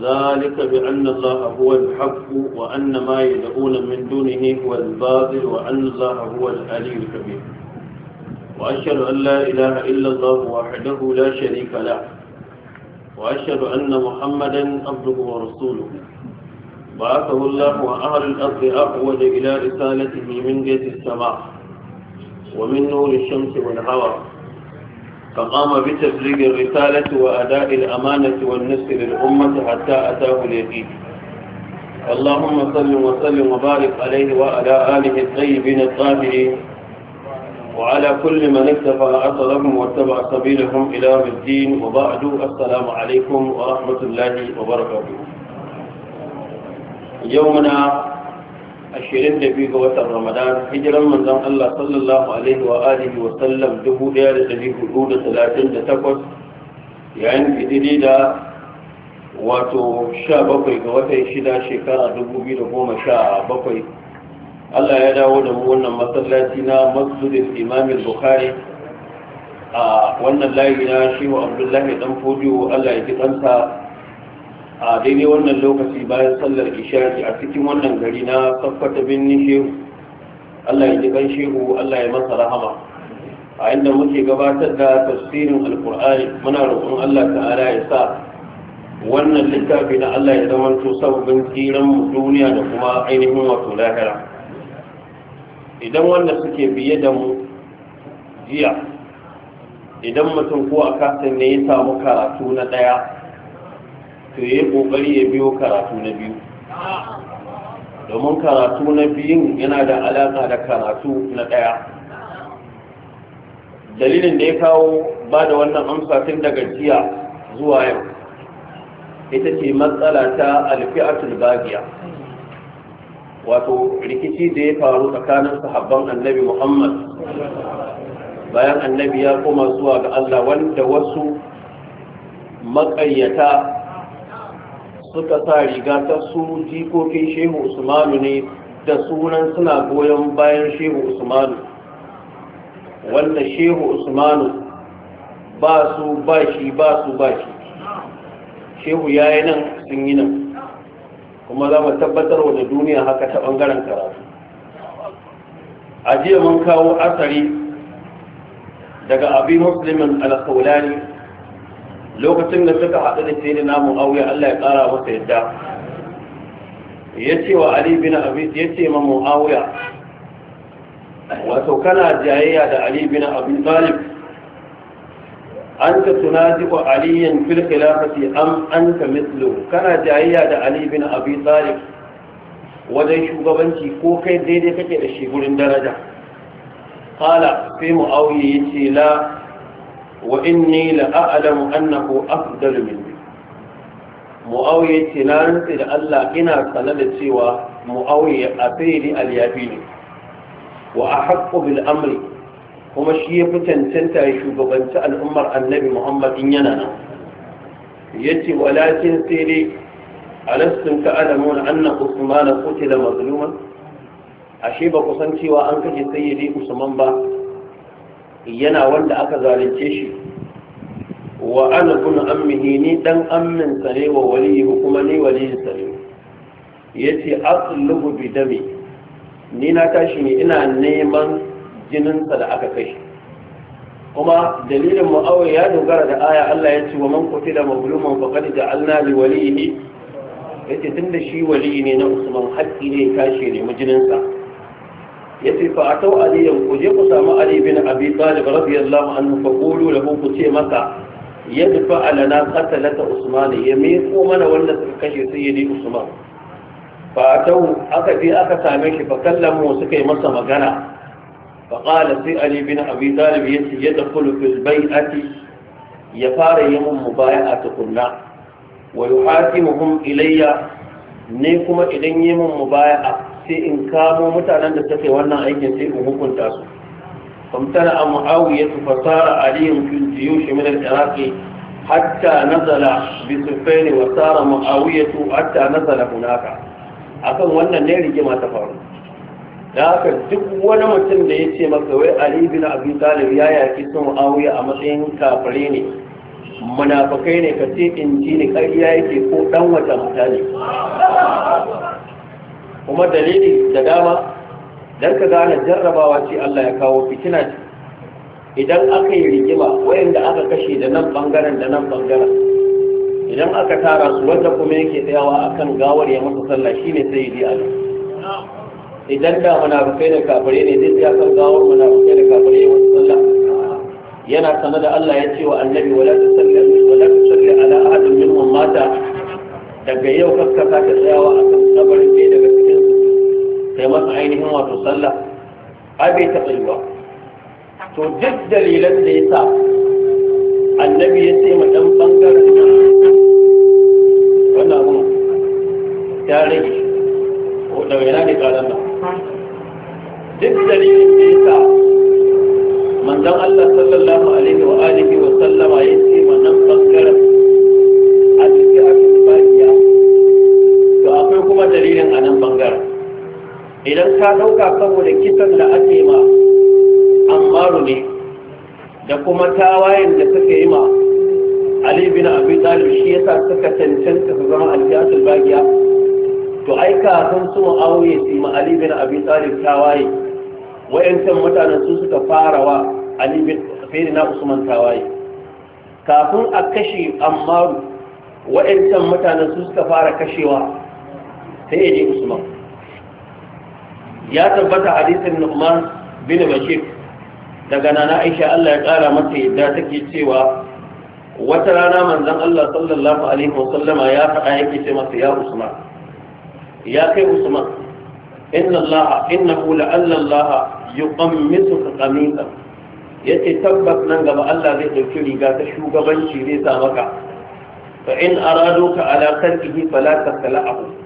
ذلك بأن الله هو الحق وأن ما يدعون من دونه هو الباطل وأن الله هو العلي الكبير وأشهد أن لا إله إلا الله وحده لا شريك له وأشهد أن محمدا عبده ورسوله بعثه الله وأهل الأرض أقود إلى رسالته من جهة السماء ومن نور الشمس والهواء فقام بتبليغ الرسالة وأداء الأمانة والنصر للأمة حتى أتاه اليقين اللهم صل وسلم وبارك عليه وعلى آله الطيبين الطاهرين وعلى كل من اكتفى أثرهم واتبع سبيلهم إلى الدين وبعد السلام عليكم ورحمة الله وبركاته يومنا ashirin da biyu ga watan ramadan hijiran manzon Allah sallallahu alaihi wa alihi wa sallam dubu ɗaya da ɗari hudu da talatin da takwas yayin fitiri da wato sha bakwai ga watan shida shekara dubu biyu da goma sha bakwai Allah ya dawo da mu wannan masallaci na masjidin imamin bukhari a wannan layi na shehu abdullahi dan fojo Allah ya ji ɗansa a daidai wannan lokaci bayan sallar isha'i a cikin wannan gari na tabbata binni shehu Allah ya ji kan shehu Allah ya masa rahama a inda muke gabatar da tafsirin alkur'ani muna roƙon Allah ta'ala ya sa wannan littafi na Allah ya zama to sababbin tsiran mu duniya da kuma ainihin wato lahira idan wanda suke biye da mu jiya idan mutum ko a kasan ne ya samu karatu na ɗaya to yi ƙoƙari ya biyo karatu na biyu domin karatu na biyun yana da alaƙa da karatu na ɗaya dalilin da ya kawo ba da wannan amsa tun daga jiya zuwa yau ita ce matsala ta alfi'atul bagiya wato rikici da ya faru tsakanin sahabban annabi muhammad bayan annabi ya koma zuwa ga allah wanda wasu maƙayyata suka sa riga ta su jikokin shehu usmanu ne da sunan suna goyon bayan shehu usmanu wanda shehu usmanu ba su ba shi ba su ba shi shehu ya yi nan sun yi nan kuma za mu tabbatar da duniya haka ta bangaren karatu a jiya mun kawo asari daga abin musulmin alkaulani lokacin da suka haɗu da sai na mu'awiya Allah ya ƙara masa yadda ya ce wa Ali bin Abi ya ce ma mu'awiya wato kana jayayya da Ali bin Abi Talib anta Ali aliyan fil khilafati am ka mislu kana jayayya da Ali bin Abi Talib wajen shugabanci ko kai daidai kake da shi gurin daraja qala fi mu'awiya yace la wa inni la a'lamu annahu afdalu minni muawiya tinan da Allah ina sanar da cewa muawiya afili al-yafi ne wa ahqqu bil amri kuma shi ya fitan tanta shugabanci al'ummar annabi Muhammad in yana nan yace walakin sai dai alastum ta'lamun anna usmana qutila mazluman ashe ba ku san cewa an kashe sayyidi usman ba yana wanda aka zalunce shi wa ana kun ammihi ni dan ammin sa ne wa waliyi kuma ni waliyin sa yace aqlubu bi dami ni na tashi ne ina neman jinin sa da aka kashe kuma dalilin awai ya dogara da aya Allah ya ce wa man qutila mazluman faqad ja'alna li walihi yace tunda shi waliyi ne na Usman haƙƙi ne kashe ne mujinin sa yace fa atau aliyan ku je ku samu ali bin abi talib radiyallahu anhu fa qulu lahu ku ce maka yadfa Alana qatalata usman ya me ko mana wanda suka kashe sayyidi usman fa atau aka je aka same shi fa kallamu suka yi masa magana fa qala sai ali bin abi talib yace yadkhulu fil bai'ati ya fara yi a mubaya'a tukunna wa yuhatimuhum ilayya ne kuma idan yi mun mubaya'a sai in kamo mutanen da suke wannan aikin sai in hukunta su famtana a muawiya su fasara aliyun fil jiyush min al-iraq hatta nazala bi sufayn wa sara muawiya hatta nazala hunaka akan wannan ne rigima ta faru da haka duk wani mutum da ya ce maka wai ali bin abi talib ya yaki sun muawiya a matsayin kafare ne munafakai ne ka ce in ji ne ƙarya yake ko dan wata mutane kuma dalili da dama don ka gane jarrabawa ce Allah ya kawo fitina ce idan aka yi rigima wayanda aka kashe da nan bangaren da nan bangaren idan aka tara su wanda kuma yake tsayawa akan gawar ya mutu sallah shine sai yi ali idan da muna rufe da kafare ne zai tsaya kan gawar muna rufe da kafare ya masa sallah yana sanar da Allah ya ce wa annabi wala tusalli wala tusalli ala ahadin minhum mata daga yau kakka ta tsayawa akan kabarin daga kai masa ainihin wato sallah ai bai taɓa yi ba to duk dalilan da ya sa annabi ya ce ma ɗan ɓangaren wannan abu ya rage ko da wani ne ƙaran nan duk dalilin da ya sa manzon Allah sallallahu alaihi wa alihi wa sallama ya ce ma nan ɓangaren a cikin to akwai kuma dalilin a nan ɓangaren idan ka ɗauka saboda kisan da ake ma ammaru ne da kuma tawayen da suka yi ma ali bin abi talib shi yasa suka cancanta su zama alfiyatul bagiya to ai san su mu'awiya su ma ali bin abi talib tawaye wayancan mutanen su suka fara wa ali bin na usman tawaye kafin a kashe ammaru wayancan mutanen su suka fara kashewa sai ya je usman ya tabbata hadisin Nu'man bin Bashir daga nana Aisha Allah ya kara mata yadda take cewa wata rana manzon Allah sallallahu alaihi wasallama ya faɗa yake ce masa ya Usman ya kai Usman inna Allah innahu la'alla Allah yuqammisuka qamisan yace tabbas nan gaba Allah zai dauki riga ta shugabanci zai sa maka fa in ka ala tarkihi fala tasla'ahu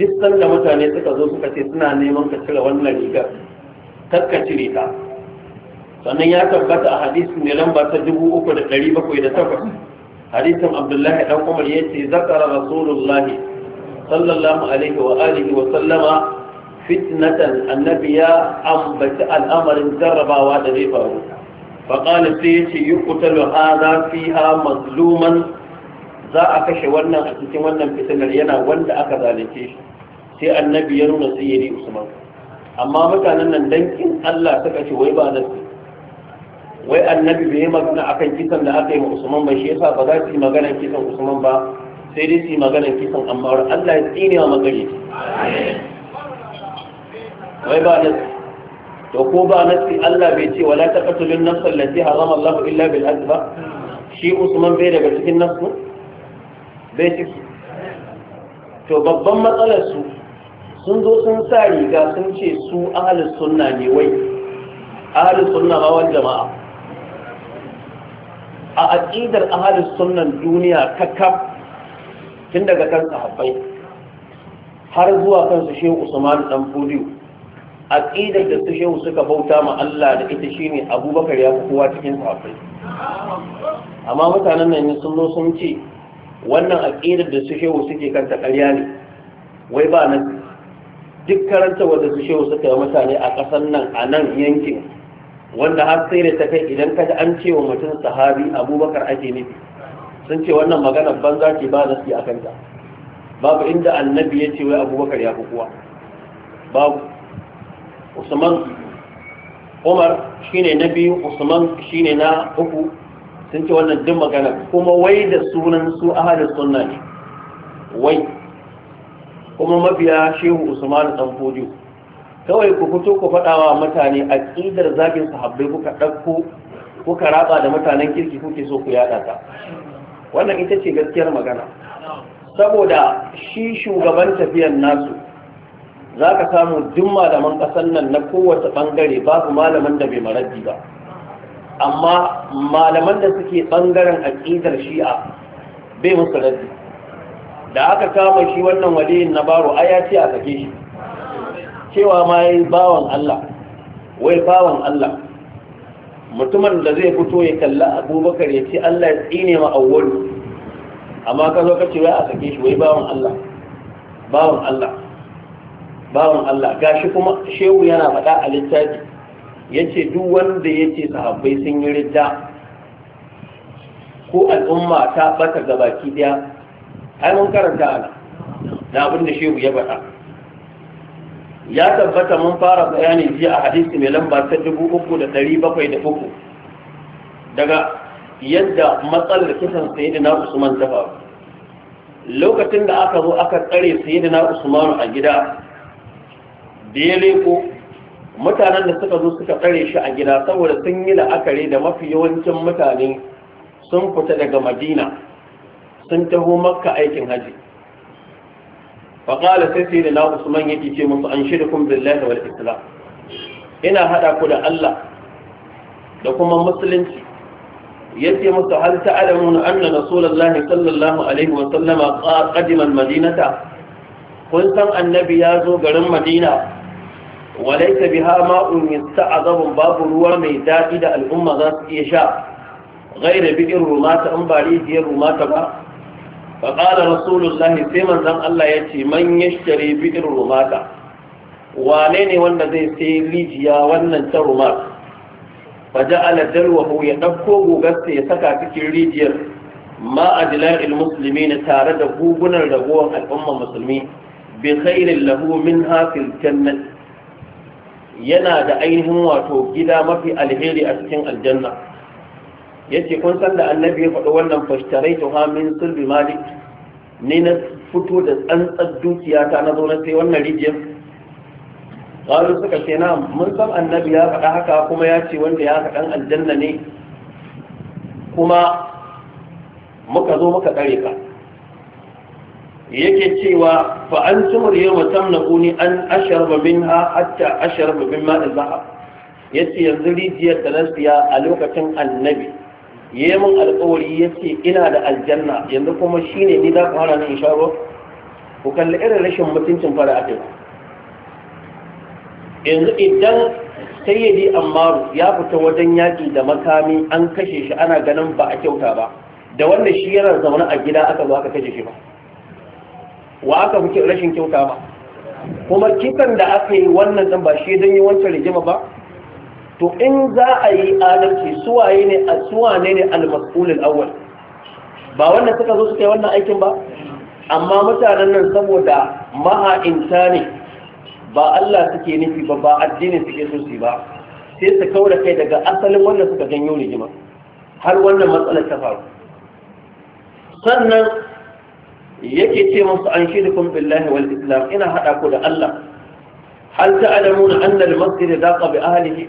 duk sanda mutane suka zo suka ce suna neman ka cire wannan rigar kar ka cire ta sannan ya tabbata a hadisi ne lamba ta dubu uku da ɗari bakwai da takwas hadisin abdullahi dan umar ya ce zakara rasulullahi sallallahu alaihi wa alihi wa sallama fitnatan annabi ya ambaci al'amarin jarrabawa da zai faru faƙali sai ya ce yi kutalu hada fiha mazluman za a kashe wannan a cikin wannan fitinar yana wanda aka zalunce shi sai annabi ya nuna sayyidi usman amma mutanen nan dankin Allah suka ce wai ba nasu wai annabi bai yi magana akan kisan da aka yi wa usman ba shi yasa ba za su yi magana kisan usman ba sai dai su yi magana kisan amma Allah ya tsine wa magare wai ba nasu to ko ba nasu Allah bai ce wala taqtulun nafsan allati harama Allah illa bil adl ba shi usman bai daga cikin nafsu? bai ciki to babban matsalar su sun zo sun sa riga sun ce su ahalus sunna ne wai ahalus sunna ma jama'a a aƙidar ahalus sunnan duniya kaf tun daga kan sahabbai har zuwa kansu shehu usman dan fudiyo aqidar da su shehu suka bauta ma Allah da ita shine abubakar ya fi kowa cikin sahabbai amma mutanen nan sun zo sun ce wannan aƙidar da su shehu suke kanta ƙarya ne wai ba nan duk karanta wanda su shehu suka yi mutane a ƙasar nan a nan yankin wanda har sai da ta kai idan ka ji an ce wa mutum sahabi abubakar ake nufi sun ce wannan maganar banza ce ba nasi a kanta babu inda annabi ya ce wai abubakar ya fi kuwa babu usman umar shine na biyu usman shine na uku sun ce wannan duk magana kuma wai da sunan su ahalin sunna ne wai kuma mabiya shehu usman dan fodiyo kawai ku fito ku faɗa wa mutane aqidar zagin sahabbai kuka ɗauko kuka raba da mutanen kirki kuke so ku yaɗa ta wannan ita ce gaskiyar magana saboda shi shugaban tafiyan nasu za ka samu duk malaman ƙasar nan na kowace ɓangare babu malamin da bai maraddi ba amma malaman da suke ɓangaren aƙidar shi'a bai musu raddi da aka kama shi wannan waliyin na baro a ya ce a sake shi cewa ma yi bawan Allah wai bawan Allah mutumin da zai fito ya kalla abubakar ya ce Allah ya tsine ma awwalu amma ka zo ka ce wai a sake shi wai bawan Allah bawan Allah bawan Allah gashi kuma shehu yana faɗa a littafi yace duk wanda yace sahabbai sun yi ridda ko al'umma ta bata gabaki daya ai mun karanta na abin da shehu ya faɗa ya tabbata mun fara bayani jiya a hadisi mai lamba ta dubu uku da ɗari bakwai da uku daga yadda matsalar kisan sayyidina usman ta faru lokacin da aka zo aka tsare sayyidina usman a gida da ya leko mutanen da suka zo suka tsare shi a gida saboda sun yi la'akari da mafi yawancin mutane sun fita daga madina sun taho makka aikin haji faƙala sai sai da na usman yake ce musu an shirya kun billahi wal islam ina haɗa ku da allah da kuma musulunci ya yace musu hal ta ta'lamuna anna rasulullahi sallallahu alaihi wa sallama qadima madinata kun san annabi ya zo garin madina walaita biha ma'un yadda azabin babu ruwa mai daɗi da al'umma za su iya sha gaira bikin ruma ta an bari biyar ruma ba fa ƙala rasulullahi sai manzan Allah ya ce man ya shari bikin ruma ta wanda zai sai rijiya wannan ta ruma fa ja'ala dalwahu ya ɗauko gugarsa ya saka cikin rijiyar ma a musulmi na tare da gugunan ragowar al'umma musulmi bi khairin lahu min hafil jannati yana da ainihin wato gida mafi alheri a cikin aljanna yace kun san da annabi ya faɗi wannan ta min sulbi malik ne na fito da tsantsar dukiyata na zo na sai wannan rijiyar ƙwarar suka ce na mun san annabi ya faɗa haka kuma ya ce wanda ya faɗan aljanna ne kuma muka zo muka tsare ka yake cewa fa an tumur yawma tamnaquni an asharba minha hatta asharba min ma'i zahab yace yanzu rijiyar da nasiya a lokacin annabi yayi mun alƙawari yace ina da aljanna yanzu kuma shine ni za ku hana ni insha Allah ku kalli irin rashin mutuncin fara akai yanzu idan sayyidi ammaru ya fita wajen yaƙi da makami an kashe shi ana ganin ba a kyauta ba da wanda shi yana zaune a gida aka zo aka kashe shi ba wa aka fi rashin kyauta ba kuma kisan da aka yi wannan ɗin ba shi don yi wancan rigima ba to in za a yi adalci suwaye ne a suwane ne al-mas'ulul awwal ba wannan suka zo suka yi wannan aikin ba amma mutanen nan saboda maha'inta ne ba Allah suke nufi ba ba addini suke so su ba sai su kaura kai daga asalin wannan suka janyo rigima har wannan matsalar ta faru sannan yake ce musu an shirkum billahi wal islam ina hada ku da Allah hal ta'lamuna anna al masjid daqa bi ahalihi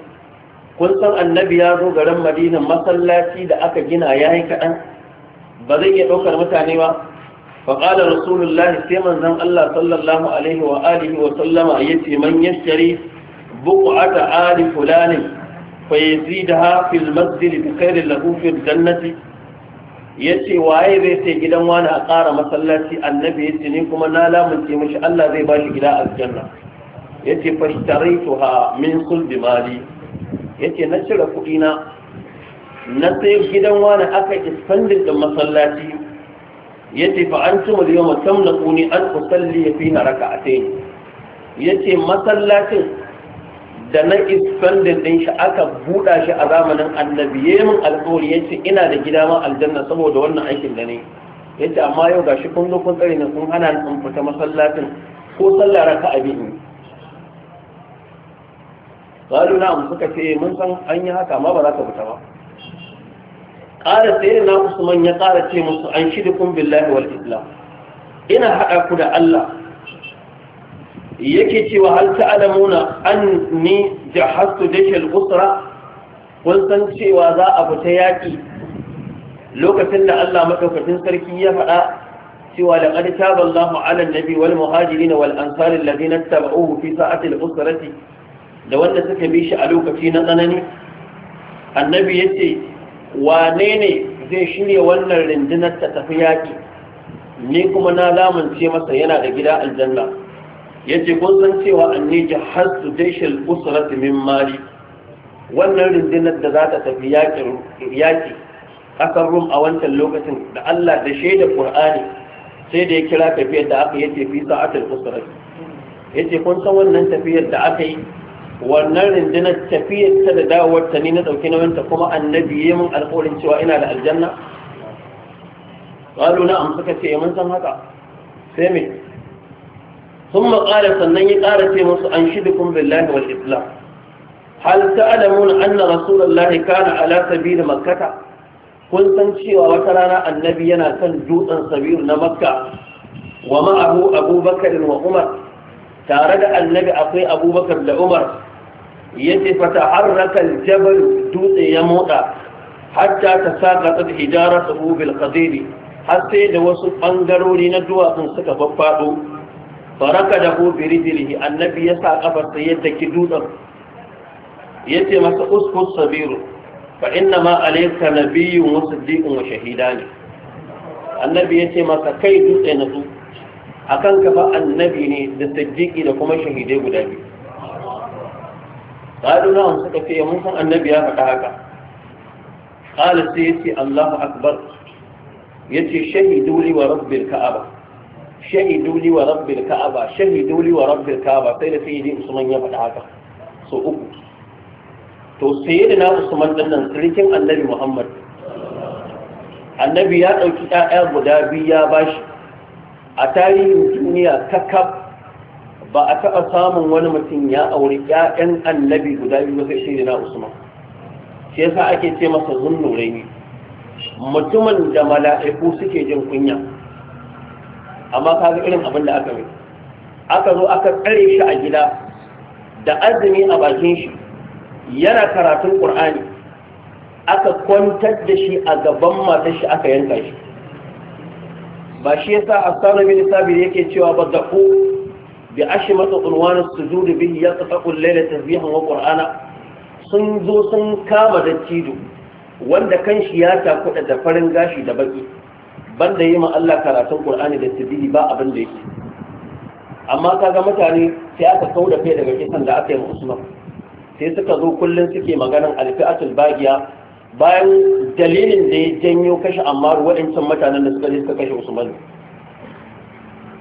kun san annabi ya zo garin Madina masallaci da aka gina yayi kadan ba zai iya daukar mutane ba fa qala rasulullahi sai manzon Allah sallallahu alaihi wa alihi wa sallama yace man yashari buqata ali fulani fa yazidaha fil masjid bi khairin lahu fi jannati ya ce waye zai ce gidan wani a ƙara masallaci annabi ya ce ni kuma na lamunce mashi Allah zai ba shi gida a aljanna ya ce min sulbi mali ya ce na cire kuɗi na sai gidan wani aka ispandin da masallaci ya ce fa an cimar yau mutum na kuni an kusalli ya fi na raka a ya ce masallacin da na isfandin din shi aka buɗa shi a zamanin annabi ya min alƙawari ya ce ina da gida ma aljanna saboda wannan aikin da ne ya ce amma yau gashi kun zo kun tsari na kun hana ni in fita masallacin ko sallah raka a biyu na na'am suka ce mun san an yi haka amma ba za ka fita ba ƙara sai na usman ya ƙara ce musu an shirya billahi wal islam ina haɗa ku da Allah yake cewa hal ta'lamuna anni jahastu dashal usra kun san cewa za a fita yaki lokacin da Allah madaukakin sarki ya faɗa cewa da qad taballahu ala nabi wal muhajirin wal ansar alladhina tabauhu fi sa'ati al usrati da wanda suka bi shi a lokaci na tsanani annabi yace wane ne zai shirya wannan rindinar ta tafi yaki ni kuma na lamunce masa yana da gida aljanna yace kun san cewa anni jahaztu daishin usrat min mali wannan rundunar da za ta tafi yaƙi ƙasar rum a wancan lokacin da Allah da shaida ƙur'ani sai da ya kira tafiyar da aka yace fi sa'atul usrat yace kun san wannan tafiyar da aka yi wannan rundunar tafiyar ta da dawowar ta ne na na nauyinta kuma annabi ya min alƙawarin cewa ina da aljanna qalu na amsaka ce eh, mun san haka sai me sun maƙara sannan ya kara ce musu an shi dukun billahi wal islam hal ta'lamun anna rasulullahi kana ala sabil makkata kun san cewa wata rana annabi yana kan dutsen sabil na makka wa ma'ahu abubakar wa umar tare da annabi akwai abubakar da umar yace fata'arraka al-jabal dutse ya motsa hatta tasaqata hijaratuhu bil qadiri har sai da wasu bangarori na duwatsun suka faffado faraka da ko fi annabi ya sa kafar yadda ki dutsen yace masa uskus sabiru fa inna ma alayka nabiyyun wa siddiqun wa shahidani annabi yace masa kai dutse na su akan ka fa annabi ne da siddiqi da kuma shahidai guda biyu قالوا لهم سكتي يمكن النبي يا فكاكا قال سيتي الله أكبر يتي شهدوا لي ورب الكعبة shahidu li wa rabbil ka'aba shahidu li wa rabbil ka'aba sai da sayyidi usman ya faɗa haka so uku to na usman din nan sirkin annabi muhammad annabi ya ɗauki ƴaƴa guda biyu ya bashi a tarihin duniya kaf, ba a taɓa samun wani mutum ya auri ƴaƴan annabi guda biyu sai sayyidina usman shi yasa ake ce masa zunnuraini mutumin da mala'iku suke jin kunya amma ka ga irin abin da aka yi aka zo aka tsare shi a gida da azumi a bakin shi yana karatun qur'ani aka kwantar da shi a gaban matar shi aka yanka shi ba shi yasa asanu bin sabir yake cewa ba da ku bi ashmatu unwan as-sujud bihi yatfaqu al-layla tasbihan wa qur'ana sun zo sun kama da cido wanda kanshi ya takuda da farin gashi da baki banda yi ma Allah karatun Qur'ani da tasbihi ba abin da yake amma kaga mutane sai aka da kai daga kisan da aka yi ma sai suka zo kullun suke maganan alfi'atul bagiya bayan dalilin da ya janyo kashe Ammar waɗancan mutanen da suka je suka kashe Usman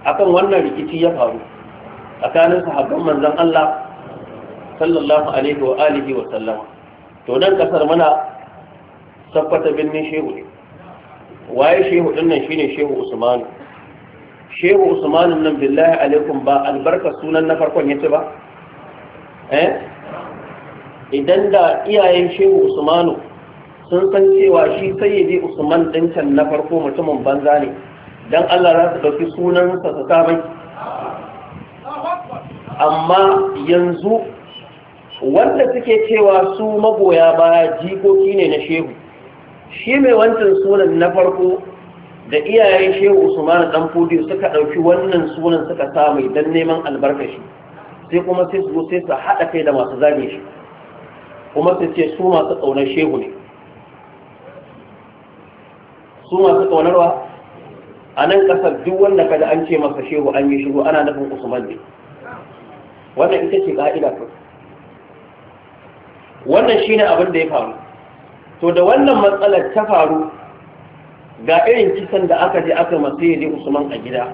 akan wannan rikici ya faru tsakanin sahabban manzon Allah sallallahu alaihi wa alihi wa sallama to nan kasar mana sabbata binne shehu ne waye shehu din shine shehu usman shehu usman nan billahi alaikum ba albarka sunan na farkon yace ba eh idan da iyayen shehu usman sun san cewa shi sayyidi usman din can na farko mutumin banza ne dan Allah za su dauki sunan sa su sabai amma yanzu wanda suke cewa su magoya baya jikoki ne na shehu shi mai wancan sunan na farko da iyayen shehu usman dan fudi suka ɗauki wannan sunan suka sa mai dan neman albarkashi sai kuma sai su sai su haɗa kai da masu zage shi kuma su ce su masu ƙaunar shehu ne su masu kaunarwa a nan ƙasar duk wanda kada an ce masa shehu an yi shiru ana nufin usman ne wannan ita ce ƙa'ida ko. wannan shine abin da ya faru to da wannan matsalar ta faru ga irin kisan da aka je aka masu yi usman a gida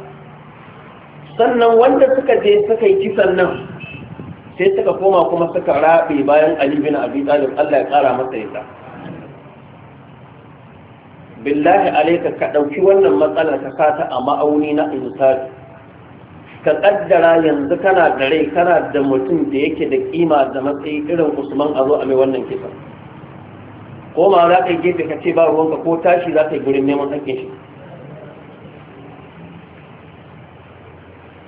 sannan wanda suka je suka yi kisan nan sai suka koma kuma suka raɓe bayan alibin bin abi talib Allah ya ƙara masa yasa billahi alaika ka ɗauki wannan matsalar ka kata a ma'auni na insani ka ƙaddara yanzu kana da rai kana da mutum da yake da kima da matsayi irin usman a zo a mai wannan kisan ko ma za ka yi gefe ka ce ba ruwanka ko tashi za ka yi gurin neman hankin shi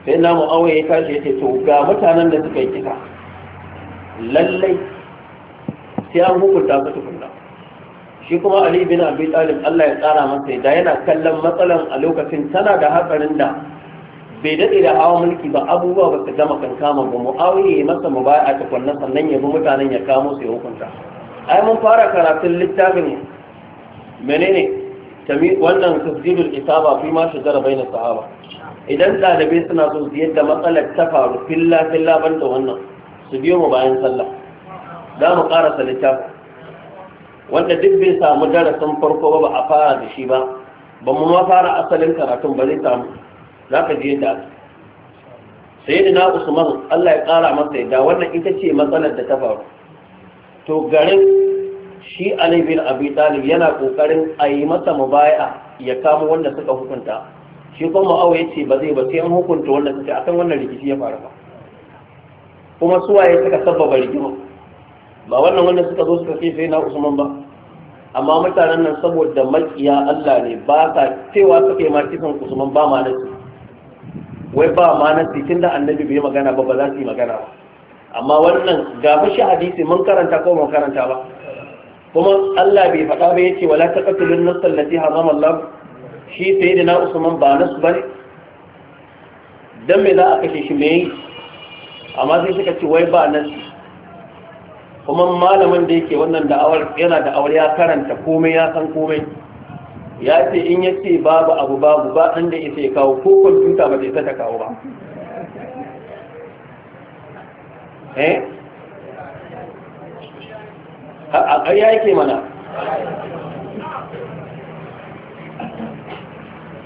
sai na mu'awai ya tashi ya ce to ga mutanen da suka yi kisa lallai sai an hukunta su tukunna shi kuma ali bin abi talib Allah ya tsara masa da yana kallon matsalan a lokacin tana da hatsarin da bai daɗe da hawa mulki ba abubuwa ba su gama kankama ba mu'awiya ya masa mu ba a tukunna sannan ya bi mutanen ya kamo su ya hukunta ai mun fara karatun littafin menene tami wannan tafsirul isaba fi ma shajara bainas sahaba idan ɗalibai suna so su yadda matsalar ta faru filla filla da wannan su biyo mu bayan sallah za mu ƙarasa littafin wanda duk bai samu darasin farko ba a fara da shi ba ba mu ma fara asalin karatun ba zai samu za ka ji yadda sai da na usman allah ya kara masa yadda wannan ita ce matsalar da ta faru to garin shi alibin bin Talib yana kokarin a yi masa mubaya ya kamo wanda suka hukunta shi kuma ya ce ba zai ba sai an hukunta wanda suka akan wannan rikici ya faru ba kuma ya suka sabbaba rigima ba wannan wanda suka zo suka ce sai na Usman ba amma mutanen nan saboda makiya Allah ne ba sa cewa suka yi martifin Usman ba ma nasi wai ba ma nasi da annabi bai magana ba ba za su yi magana ba amma wannan ga shi hadisi mun karanta ko mun karanta ba kuma Allah bai faɗa ba yace wala taqtulun nafs allati harama Allah shi sayyidina Usman ba nasu bane dan me za a kashe shi me amma sai suka ce wai ba nas kuma malamin da yake wannan da'awar yana da'awar ya karanta komai ya san komai ya ce in yace babu abu babu ba da yake kawo ko kwamfuta ba zai ta kawo ba eh a ƙarya yake mana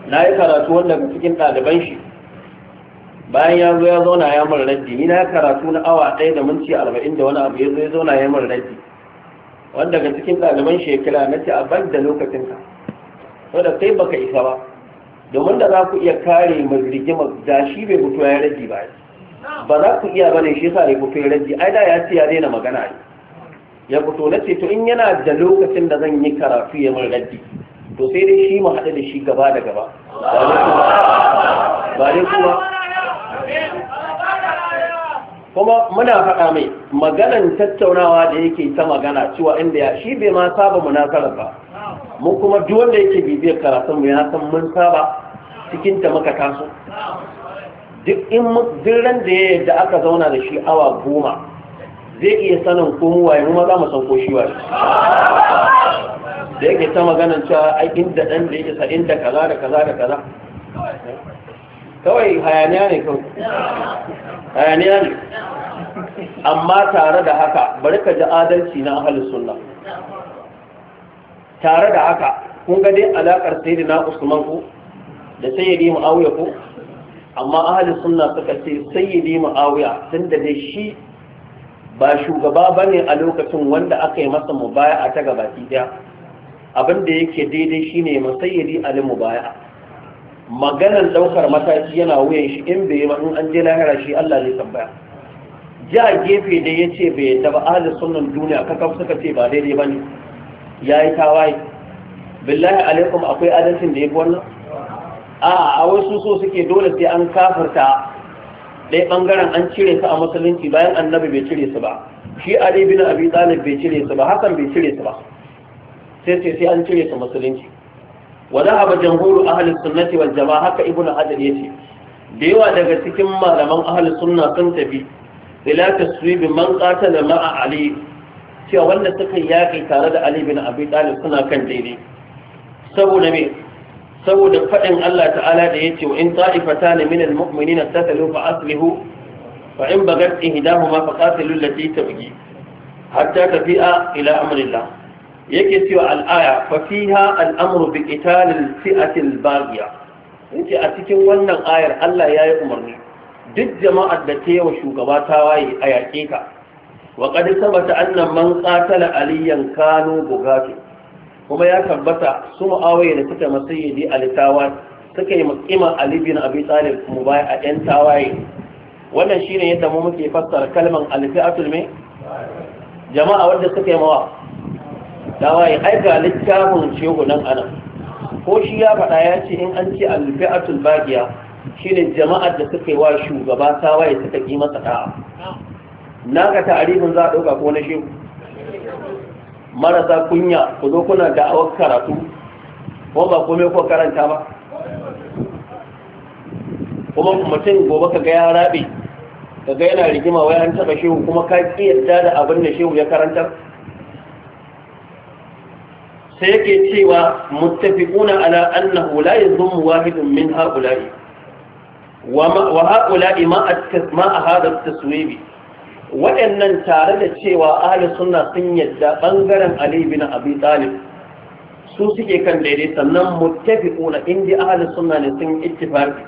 na yi karatu wanda cikin ɗaliban shi bayan ya zo ya zauna ya mara raddi ni na karatu na awa ɗaya da minti arba'in da wani abu ya zo ya zauna ya mara raddi wanda daga cikin ɗaliban shekara na ce a ban da lokacinka da kai baka isa ba domin da za ku iya kare mai rigimar da shi bai mutu ya raddi ba ba za ku iya bane shi yasa ne ku fere ji ai da ya ci ya daina magana ai ya fito na ce to in yana da lokacin da zan yi karatu ya min raddi to sai dai shi mu haɗu da shi gaba da gaba ba dai kuma kuma muna faɗa mai maganan tattaunawa da yake ta magana cewa inda ya shi bai ma saba munazara ba mu kuma duk wanda yake bibiyar karatun mu ya san mun saba cikin ta muka taso duk in duk ran da ya da aka zauna da shi awa goma zai iya sanin komowa mu waye mu ma za mu san ko shi waye da yake ta maganan cewa ai inda dan da yake sa inda kaza da kaza da kaza kawai hayaniya ne kawai hayaniya ne amma tare da haka bari ka ji adalci na ahlus sunna tare da haka kun ga dai alakar sayyidina usman ko da sayyidi muawiya ko amma ahli sunna suka ce sayyidi muawiya tunda dai shi ba shugaba bane a lokacin wanda aka yi masa mubaya'a ta gabaki daya abin da yake daidai shine masayyadi ali mubaya'a maganar daukar mataki yana wuyan shi in bai ma in an je lahira shi Allah zai tambaya ja gefe da yace bai yadda ba ahli sunnan duniya kakaf suka ce ba daidai bane yayi tawaye billahi alaikum akwai adalcin da yake wannan a a wasu so suke dole sai an kafarta dai ɓangaren an cire su a musulunci bayan annabi bai cire su ba shi ali bin abi talib bai cire su ba hasan bai cire su ba sai sai sai an cire su musulunci wa dhahaba jamhuru ahli sunnati wal jamaa haka ibnu hajar yace da yawa daga cikin malaman ahli sunna sun tafi ila tasrib man qatala ma'a ali cewa wanda suka yaƙi tare da ali bin abi talib suna kan daidai saboda me saboda faɗin Allah ta'ala da ya ce wa in ta'ifata ne minal mu'minina tatalu fa aslihu fa in bagat ihdahuma fa qatilu allati tabghi hatta tafi'a ila amrillah yake cewa al'aya fa fiha al'amru bi qital al-fi'ati al a cikin wannan ayar Allah ya yi umarni duk jama'ar da ta yawa shugaba ta waye a yaƙe ka wa qad sabata anna man qatala aliyan Kano bugatu kuma ya tabbata su mu'awiyya da suka masayyidi alitawa suka yi mutsima ali bin abi talib mu baya a yan tawaye wannan shine yadda mu muke fassara kalman alfi'atul me jama'a wanda suka yi mawa tawaye ai ga littafin shehu nan ana ko shi ya faɗa ya ce in an ce alfi'atul bagiya shine jama'ar da suka yi wa shugaba tawaye suka yi masa da'a na ga ta'arifin za a ɗauka ko na shehu marasa kunya ku zo kuna da'awar karatu ko ba komai ko karanta ba kuma mutum gobe ka ga ya rabe ka ga yana rigima wai an taba shehu kuma ka kiyarda da abin da shehu ya karanta sai yake cewa muttafiquna ala annahu la yadhum wahidun min ha'ula'i wa ha'ula'i ma ma hada at taswibi waɗannan tare da cewa ahalin suna sun yadda ɓangaren Alibi na Abin Talib su suke kan daidai sannan muttafiquna indi ahalin suna ne sun ittifaqi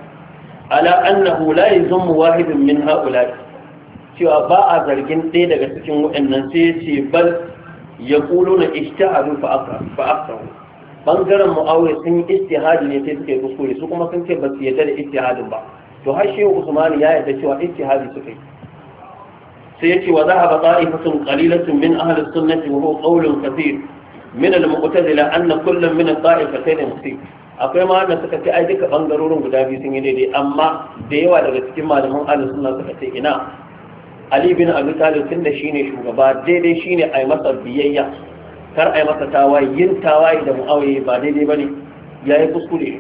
ala annahu la yazum wahidun min haula cewa ba a zargin ɗaya daga cikin waɗannan sai ya ce bal ya ƙulo na aqra fa aqra Ɓangaren mu'awiya sun yi ijtihadi ne sai suke kuskure su kuma sun ce ba su yadda da ijtihadin ba to har shehu usman ya yadda cewa ijtihadi suka yi sai yace wa zahaba ta'ifatun qalilatun min ahli sunnati wa huwa qawlun kathir min al-mu'tazila anna kullam min al-ta'ifatayn musib akwai ma wanda suka ce ai duka bangarorin guda biyu sun yi daidai amma da yawa daga cikin malaman ahlus sunna suka ce ina ali bin abi talib tun da shine shugaba daidai shine ai masa biyayya kar ai masa tawaye yin tawaye da muawiya ba daidai bane yayi kuskure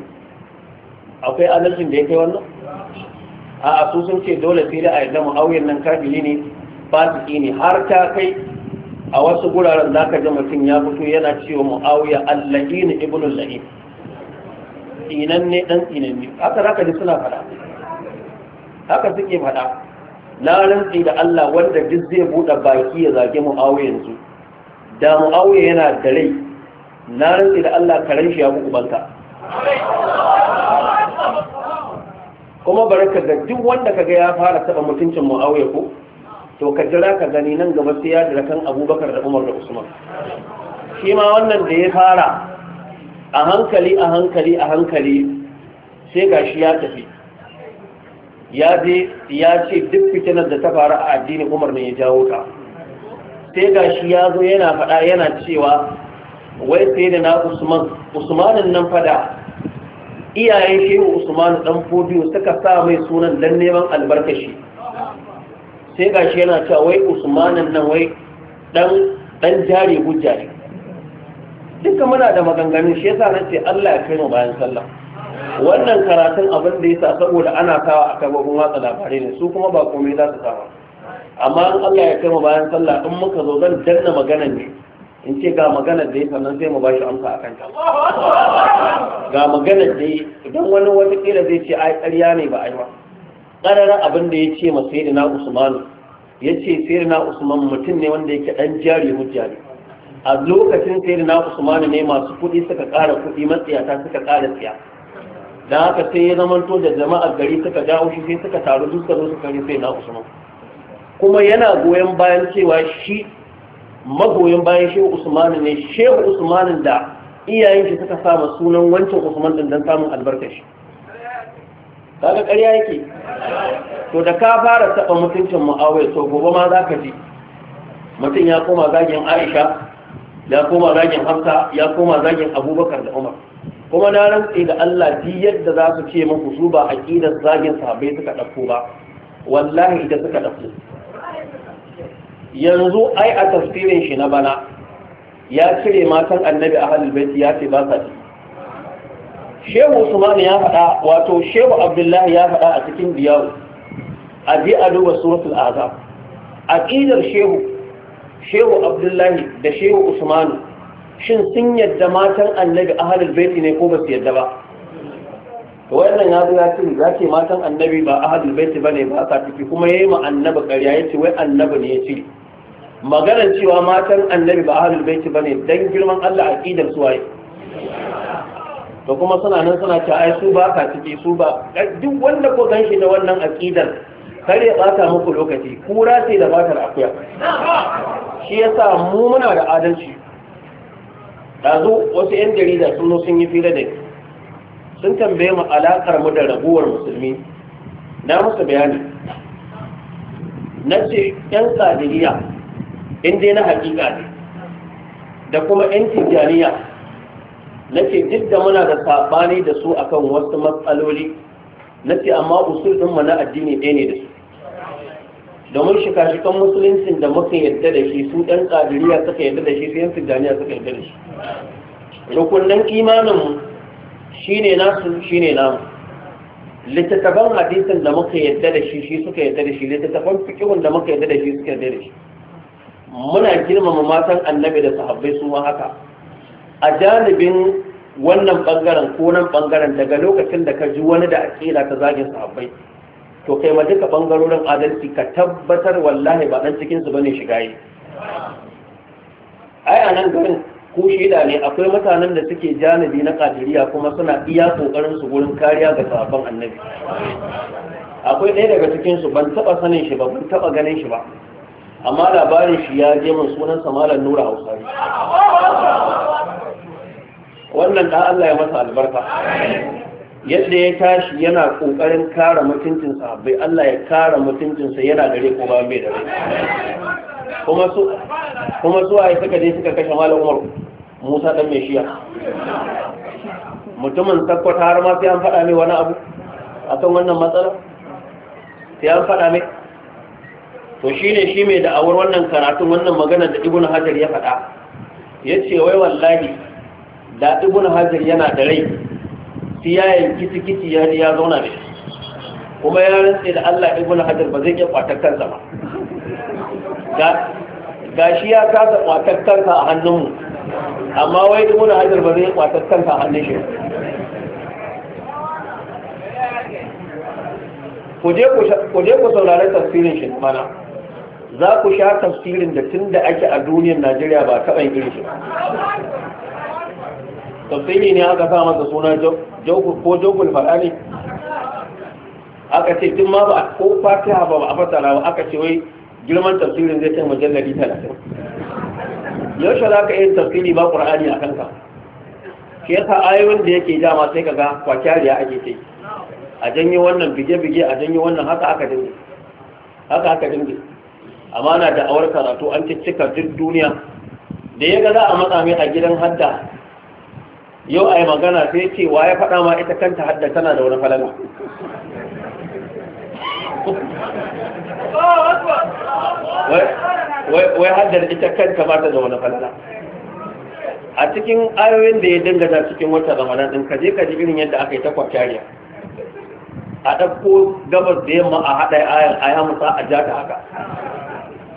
akwai adalcin da ya kai wannan a a su sun ce dole sai da ai da muawiyan nan kafiri ne fasiki ne har ta kai a wasu guraren za ka ji mutum ya fito yana cewa mu'awiya ne ibn la'in tsinan ne dan inan ne haka za ka ji suna faɗa haka suke faɗa na rantsi da Allah wanda duk zai buɗe baki ya zage mu'awiya yanzu da mu'awiya yana da rai na rantsi da Allah karen shi ya muku banka kuma bari ka ga duk wanda ga ya fara taba mutuncin mu'awiya ko to ka jira ka gani nan gaba sai ya jira kan abubakar da umar da usman shi ma wannan da ya fara a hankali a hankali a hankali sai ga shi ya tafi ya je ya ce duk fitinar da ta faru a addinin umar ne ya jawo ta sai ga shi ya zo yana faɗa yana cewa wai sai da na usman usmanin nan fada iyayen shehu usman dan fodiyo suka sa mai sunan dan neman albarkashi sai shi yana cewa wai usmanin nan wai dan dan jari hujja duka muna da maganganun shi yasa nan ce Allah ya kai mu bayan sallah wannan karatun abin da yasa saboda ana kawa a kababin watsa labarai ne su kuma ba komai za su kawo amma in Allah ya kai mu bayan sallah in muka zo zan danna maganan ne in ce ga maganar da ya sannan sai mu bashi amsa a kanta ga maganar da ya idan wani wata kila zai ce ai ƙarya ne ba ai ba ƙarara abin da ya ce ma na usman ya ce na usman mutum ne wanda yake ɗan jari hujjari a lokacin na usman ne masu kuɗi suka ƙara kuɗi matsiyata suka ƙara tsiya da haka sai ya zamanto da jama'ar gari suka jawo shi sai suka taru duk zo suka yi na usman kuma yana goyon bayan cewa shi magoyin bayan shehu usman ne shehu usman da iyayen shi suka sama sunan wancan usman din dan samun albarkashi kaga ƙarya yake to da ka fara taɓa mutuncin ma'awai to gobe ma za ka ji mutum ya koma zagin aisha ya koma zagin hamsa ya koma zagin abubakar da umar kuma na rantse da allah ji yadda za su ce muku su ba aƙidar zagin sabai suka ɗauko ba wallahi ita suka ɗauko yanzu ai a tafsirin shi na bana ya cire matan annabi a halin ya ce ba sa ciki shehu usman ya faɗa wato shehu abdullahi ya faɗa a cikin biyawu a je a duba suratul azab aqidar shehu shehu abdullahi da shehu usman shin sun yadda matan annabi ahlul baiti ne ko ba su yadda ba wannan ya zo ya ce za matan annabi ba ahlul baiti bane ba ka ciki kuma yayi ma annabi ƙarya yace wai annabi ne yace maganar cewa matan annabi ba ahlul baiti bane dan girman Allah aqidar su waye to kuma suna nan suna ce ai su ba ka ciki su ba duk wanda ko ganshi da wannan aqidar kar ya bata muku lokaci kura ce da fatar akuya shi yasa mu muna da adalci dazu wasu yan jarida sun sun yi fira da sun tambaye mu alakar mu da raguwar musulmi na musu bayani na ce yan kadiriya in dai na hakika ne da kuma yan tijjaniya nake duk da muna da sabani da su akan wasu matsaloli nake amma usul din mu na addini ɗaya ne da su domin kashi kan musuluncin da muka yadda da shi su ɗan ƙadiriya suka yadda da shi su yan sujjaniya suka yadda da shi rukunin imanin shine nasu shine namu littattafan hadisin da muka yadda da shi shi suka yadda da shi littattafan fikihun da muka yadda da shi suka yadda da shi muna girmama matan annabi da sahabbai su ma haka a janibin wannan bangaren ko nan bangaren daga lokacin da ka ji wani da akila ta zagin sahabbai to kai ma duka bangarorin adalci ka tabbatar wallahi ba dan cikin su bane shiga yi ai a nan garin ku shida ne akwai mutanen da suke janibi na kadiriya kuma suna iya kokarin su gurin kariya ga sahabban annabi akwai ɗaya daga cikin su ban taba sanin shi ba ban taba ganin shi ba amma labarin shi ya je mun sunan sa malam nura hausari wannan da Allah ya masa albarka yadda ya tashi yana kokarin kare mutuncin bai Allah ya kare mutuncin sa yana dare ko ba mai dare kuma su kuma su ai suka je suka kashe malam Umar Musa dan mai shiya mutumin takwata har ma sai an faɗa mai wani abu akan wannan matsala sai an faɗa mai to shine shi mai da'awar wannan karatun wannan magana da Ibn Hajar ya faɗa yace wai wallahi da ibn hajar yana da rai fi yayin kiti-kiti ya ya zauna da kuma ya rantse da Allah ibn hajar ba zai iya kwatar kansa ba ga shi ya kasa kwatar kansa a hannunmu amma wai ibn hajar ba zai kwatar kansa a hannun shi ku je ku saurari tafsirin shi mana za ku sha tafsirin da tun da ake a duniyar najeriya ba taɓa yin irin shi ba tafsiri ne aka sa masa suna ko jokul faɗa ne aka ce tun ma ba a ko fatiha ba ba a fasara ba aka ce wai girman tafsirin zai kai jallabi talatin yaushe za ka yi tafsiri ba ƙur'ani a kanka Ke yasa ayoyin da yake dama sai ka ga kwakyariya ake ce a janyo wannan bige-bige a janyo wannan haka aka dinge haka aka dinge amma na da awar karatu an cika duk duniya da ya ga za a matsa mai a gidan hadda yau a yi magana sai ce wa ya faɗa ma ita kanta hadda tana da wani falala wai haddar ita kanta ba ta da wani falala a cikin ayoyin da ya dinga za cikin wata ramadan din kaje kaji irin yadda aka yi ta kwakyariya a ɗauko gabas da yamma a haɗa ayar a ya musa a ja ta haka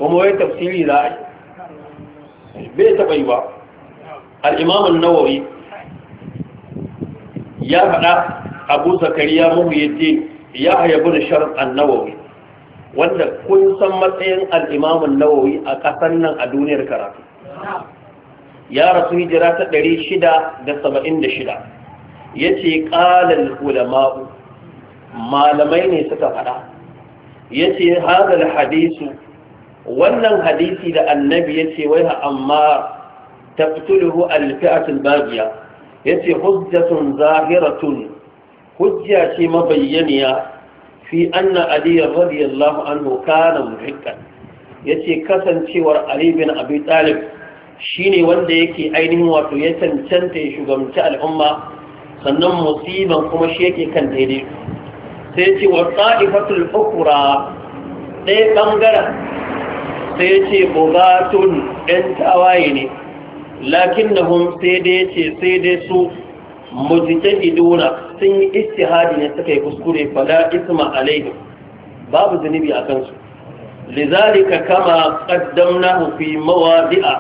kuma wai tafsiri za a yi bai taɓa yi ba al-imam nawawi ya faɗa abu zakariya mahu ya ce, "Ya haibu da sharf annawawi wanda kun san matsayin al'imamun nawawi a ƙasar nan a duniyar karatu ya rasu hijira ta 676 ya ce ƙalar ulama'u malamai ne suka faɗa ya ce hadal hadisu wannan hadisi da annabi ya ce wai amma ta fito taftuluhu alfi'atul babiya yace hujjatun zahiratun hujja ce mabayyaniya fi anna ali radiyallahu anhu kana muhiqqan yace kasancewar ali bin abi talib shine wanda yake ainihin wato ya cancanta ya shugabanci al'umma sannan musiban kuma shi yake kan daidai sai yace wa ta'ifatul ukhra ɗaya ɓangaren. sai yace bugatun ɗan tawaye ne Lakin hun sai dai ce sai dai su idona sun yi istihadi ne suka yi kuskure fada isma alaihim babu zunubi a kansu lizalika kama qaddamnahu fi mawadi'a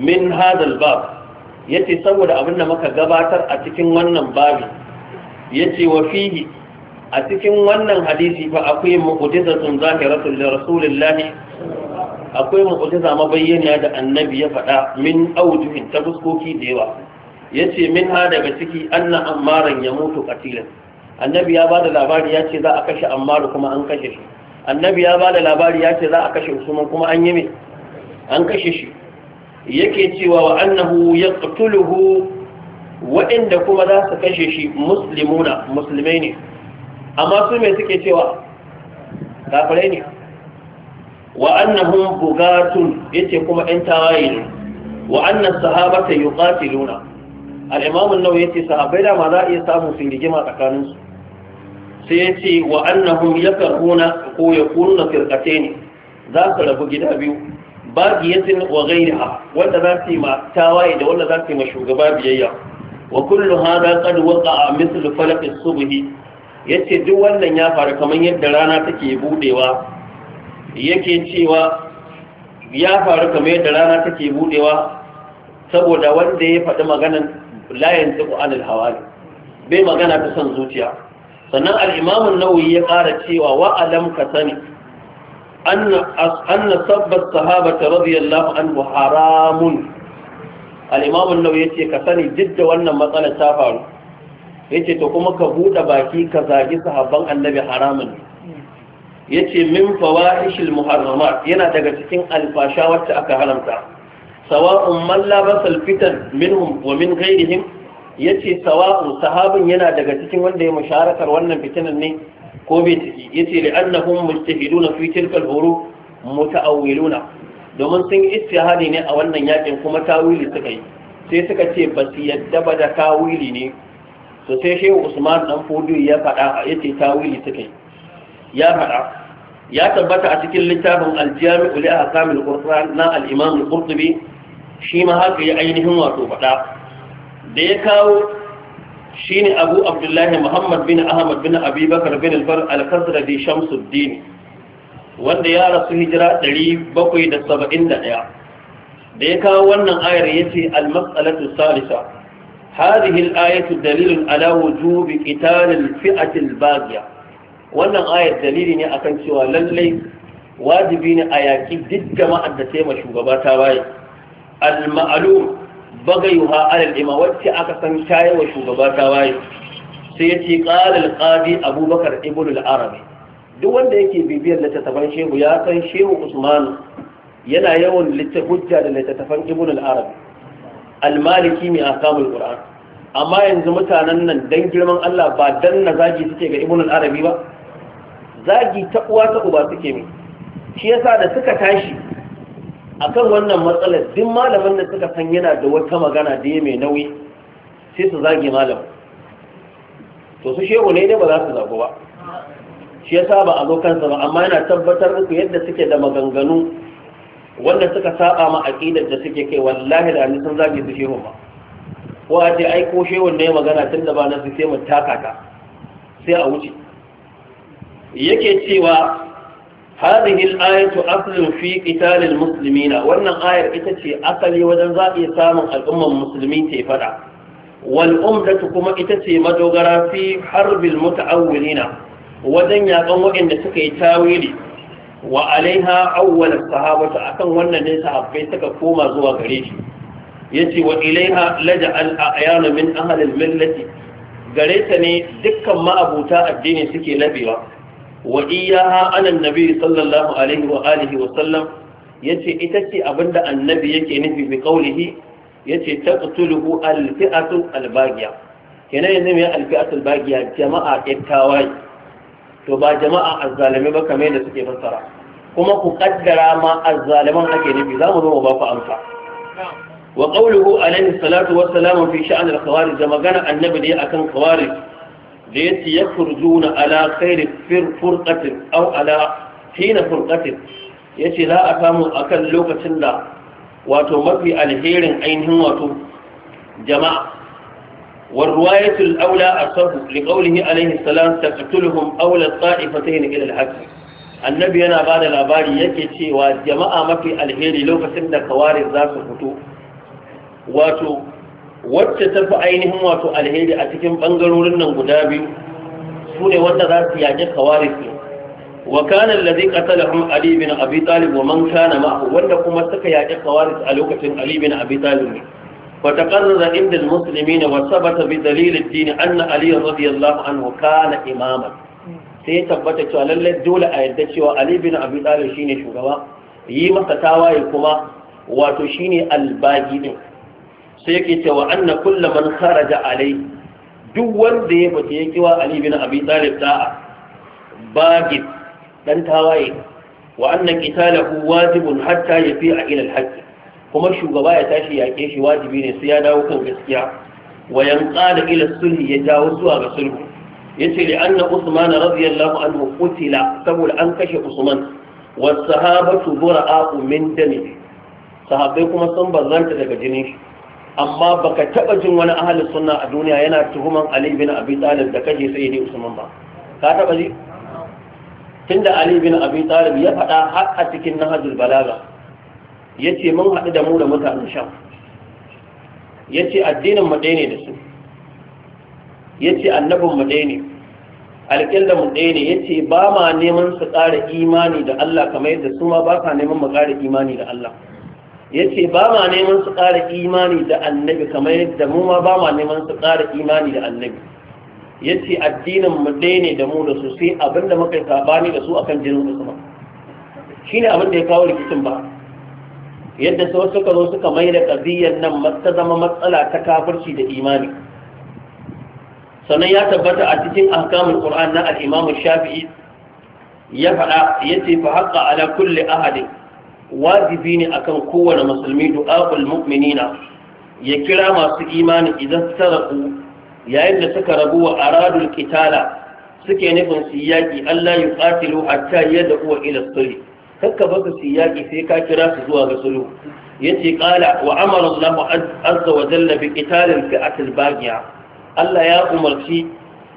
min hadal bab yace saboda abin da muka gabatar a cikin wannan babi yace wa fihi a cikin wannan hadisi fa akwai mu'jizatun zahiratun li rasulillahi akwai mu'jiza mabayyana da annabi ya faɗa min aujuhin ta fuskoki da yawa yace min ha daga ciki anna ammaran ya mutu qatilan annabi ya bada labari ya ce za a kashe ammar kuma an kashe shi annabi ya bada labari ya ce za a kashe usman kuma an yi mai an kashe shi yake cewa wa annahu yaqtuluhu waɗanda kuma za su kashe shi muslimuna musulmai ne amma su me suke cewa kafirai ne wa annahum bugatun yace kuma ɗan tawaye ne wa annas sahabata yuqatiluna al-imam an-nawawi yace sahabai da ma za a iya samu su rigima tsakanin su sai yace wa annahum yakruna ko yakununa firqatayn za su rabu gida biyu bagiyatin wa ghayriha wanda za su yi ma tawaye da wanda za su yi ma shugaba biyayya wa kullu hada qad waqa'a mithlu falaq subhi yace duk wannan ya faru kamar yadda rana take budewa yake cewa ya faru kamar yadda rana take budewa saboda wanda ya faɗi maganan layin tuku anil hawali bai magana ta son zuciya sannan al'imamun nauyi ya ƙara cewa wa'alam ka sani an na sahaba ta radiyallahu an haramun al'imamun nauyi ce ka sani duk da wannan matsalar ta faru ya ce ta kuma ka buɗe baki ka zagi sahabban annabi haramun yace min fawahishil muharramat yana daga cikin alfasha wacce aka haramta sawa'un man labasal fitan minhum wa min ghairihim yace sawa'un sahabin yana daga cikin wanda ya musharakar wannan fitinan ne ko bai ciki yace li annahum mujtahiduna fi horo al-huru muta'awwiluna domin sun istihadi ne a wannan yakin kuma tawili suka yi sai suka ce ba su yadda ba da tawili ne to sai shehu usman dan fudu ya faɗa yace tawili suka yi ya faɗa ya tabbata a cikin littafin aljami uli a kamun na al'imam ƙurtubi shi ma haka ya ainihin wato faɗa da ya kawo shi ne abu abdullahi muhammad bin ahmad bin abubakar bin alfar alkasra di shamsuddin wanda ya rasu hijira 771 da ya kawo wannan ayar ya ce almas'alatu salisa هذه الآية دليل على وجوب قتال الفئة الباغية wannan ayar dalili ne akan cewa lallai wajibi ne a yaƙi duk jama'ar da sai shugaba ta baya al-ma'lum bagayuha alal ima wacce aka san tayi wa shugaba ta baya sai yace qala al abubakar ibn al-arabi duk wanda yake bibiyar littattafan shehu ya san shehu usman yana yawan hujja da littattafan ibn al-arabi al-maliki mai akamul qur'an amma yanzu mutanen nan dan girman Allah ba dan zagi suke ga ibn al-arabi ba zagi ta uwa ta uba suke mai shi yasa da suka tashi akan wannan matsalar duk malamin da suka san yana da wata magana da ya mai nauyi sai su zagi malam to su shehu ne ba za su zago ba shi yasa ba a zo kansa ba amma yana tabbatar muku yadda suke da maganganu wanda suka saba ma aqidar da suke kai wallahi da sun zagi su shehu ba ko a ce ai ko shehu ne magana tun da ba na su sai mu taka ta sai a wuce yake cewa hadihil ayatu aslu fi qitalil muslimina wannan ayar ita ce asali wajen za samun al'ummar musulmi ta fada wal umdatu kuma ita ce madogara fi harbil mutaawwilina wajen yakan waɗanda suka yi tawili wa alaiha awwal sahabatu akan wannan ne sahabbai suka koma zuwa gare shi yace wa ilaiha laja al a'yan min millati gare ta ne dukkan ma'abota addini suke labewa wa iyaha anan nabi sallallahu alaihi wa alihi wa sallam yace ita ce abinda annabi yake nufi bi qawlihi yace taqtuluhu al-fi'atu al-baghiya kenan yanzu mai al-fi'atu al-baghiya jama'a kittawai to ba jama'a azzalimi ba kamar yadda suke fassara kuma ku kaddara ma azzaliman ake nufi za mu zo mu ba ku amsa wa qawluhu alaihi salatu wa salam fi sha'an al-khawarij magana annabi ne akan khawarij da ya ce ya furzu na ala khairi furkatin au ala hina furkatin ya ce za a samu a kan lokacin da wato mafi alherin ainihin wato jama'a warruwa ya ce aula a sahu likaulihi alaihi salam ta katuluhun aula tsa'ifa ta da haƙi annabi yana ba da labari yake cewa jama'a mafi alheri lokacin da kawarin za su fito wato wacce ta fi ainihin wato alheri a cikin ɓangarorin nan guda biyu su ne wanda za su yaƙi kawarisi wa kana allazi qatalahum ali bin abi talib wa man kana ma'ahu wanda kuma suka yaƙi kawarisi a lokacin ali bin abi talib ne fa taqarrara inda almuslimin wa sabata bi dalil ad-din anna ali radiyallahu anhu kana imaman sai tabbata cewa lalle dole a yadda cewa ali bin abi talib shine shugaba yi masa tawaye kuma wato shine albagi din sai yake cewa anna kullu man kharaja alai duk wanda ya fita ya kiwa ali bin abi talib da'a bagid dan tawaye wa anna qitalahu wajibun hatta yafi'a ila al kuma shugaba ya tashi yake shi wajibi ne sai ya dawo kan gaskiya wa yanqala ila sulhi ya dawo zuwa ga sulhu yace li anna usman radiyallahu anhu qutila saboda an kashe usman was sahabatu bura'u min dami sahabbai kuma sun bazanta daga jinin shi amma baka taba jin wani ahli sunna a duniya yana tuhuman Ali bin Abi Talib da kaje sai ne Usman ba ka taba ji tunda Ali bin Abi Talib ya faɗa har a cikin Nahjul Balaga yace mun haɗu da mu da mutanen Sham yace addinin mu ɗaya ne da su yace annabin mu ɗaya ne alƙilla mu ɗaya ne yace ba ma neman su ƙara imani da Allah kamar yadda su ma ba ka neman mu ƙara imani da Allah yace ba ma neman su ƙara imani da annabi kamar yadda mu ma ba ma neman su ƙara imani da annabi yace addinin mu ne da mu da su sai abinda muka yi sabani da su akan jinin Usman ne abin da ya kawo rikicin ba yadda sau suka suka mai da ƙabiyyar nan ta zama matsala ta kafirci da imani sannan ya tabbata a cikin ahkamul qur'an na al-imam shafi'i ya faɗa yace fa haqqa ala kulli ahadin wajibi ne akan kowane musulmi du'a'ul mu'minina ya kira masu imani idan sarafu yayin da suka rabu wa aradul qitala suke nufin su yaki Allah ya qatilu hatta yad'u ila sulh kakka baka su yaki sai ka kira su zuwa ga sulhu yace qala wa amara Allah azza wa jalla bi qitalil fi'atil baghiya Allah ya umarci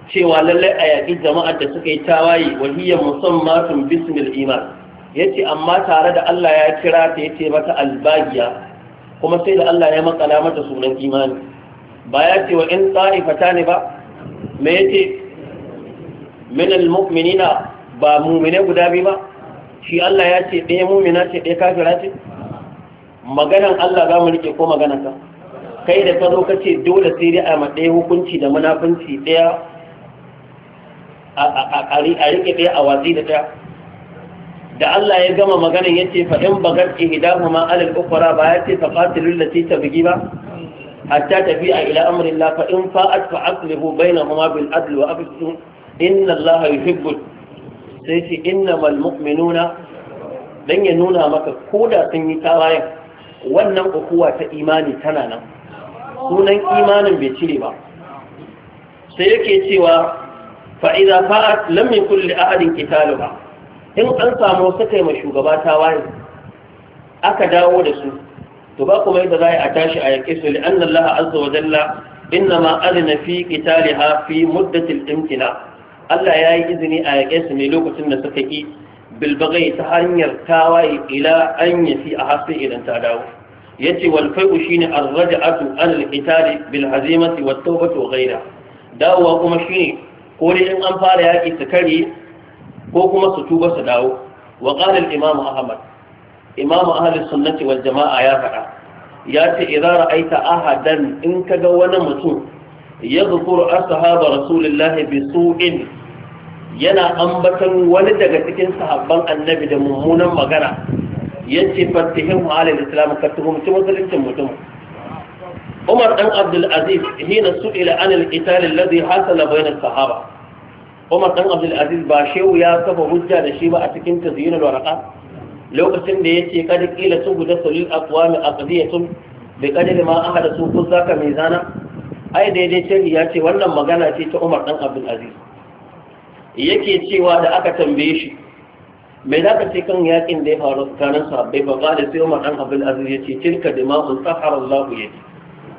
cewa lallai a yaƙi jama'ar da suka yi tawaye wahiyar musamman bismil iman Ya ce, amma tare da Allah ya kira ta ya ce mata albagiya kuma sai da Allah ya makala mata sunan imani ba ya ce wa in ta'ifata ne ba me ce, minal muminina ba mu'mine guda biyu ba shi Allah ya ce ɗaya mu'mina ce ɗaya kafira ce maganan Allah za mu rike ko maganan ka kai da ka zo ka ce dole sai dai a ɗaya hukunci da munafunci ɗaya a riƙe ɗaya a watsi da ɗaya da Allah ya gama maganin yace fa in bagat ihdahuma ala al-ukhra ba yace fa qatilul lati tabghi ba hatta tafi'a ila amri Allah fa in fa'at fa aqlibu bainahuma bil adl wa abdu inna Allah yuhibbu sai ce innamal mu'minuna dan ya nuna maka koda sun yi tawayen wannan ukuwa ta imani tana nan sunan imanin bai cire ba sai yake cewa fa idza fa'at lam yakul li ahadin qitaluha in an samu wasu yi shugaba ta waye aka dawo da su to ba kuma yadda za a tashi a yaƙi su li'anna Allah azza wa jalla inna ma adana fi qitaliha fi muddatil imtina Allah ya yi izini a yaƙe su ne lokacin da suka yi bilbagai ta hanyar tawaye ila an yafi a hasin idan ta dawo yace wal fai'u shine ar-raj'atu an al bil hazimati wat tawbatu ghayra dawowa kuma shine ko dai in an fara yaƙi su kare ko kuma su tuba su dawo wa qala al-imam ahmad imam ahli sunnati wal jama'a ya faɗa ya ce idza ra'aita ahadan in kaga wani mutum yadhkuru ashaba Rasulillah bi su'in yana ambatan wani daga cikin sahabban annabi da mummunan magana yace fatihin ala al-islam ka tuhum mutum mutum Umar dan Abdul Aziz hina su'ila an al-qital alladhi hasala bayna sahaba Umar dan Abdul Aziz ba shehu ya kafa hujja da shi ba a cikin tazyinul warqa lokacin da yace kada kila su guda sulil aqwami aqdiyatun bi qadri ma ahada su kun zaka mizana ai daidai ce ya ce wannan magana ce ta Umar dan Abdul Aziz yake cewa da aka tambaye shi me za ka ce kan yakin da ya faru tsakanin sahabbai ba da sai Umar dan Abdul Aziz ya ce tilka dima'un sahara Allah yadi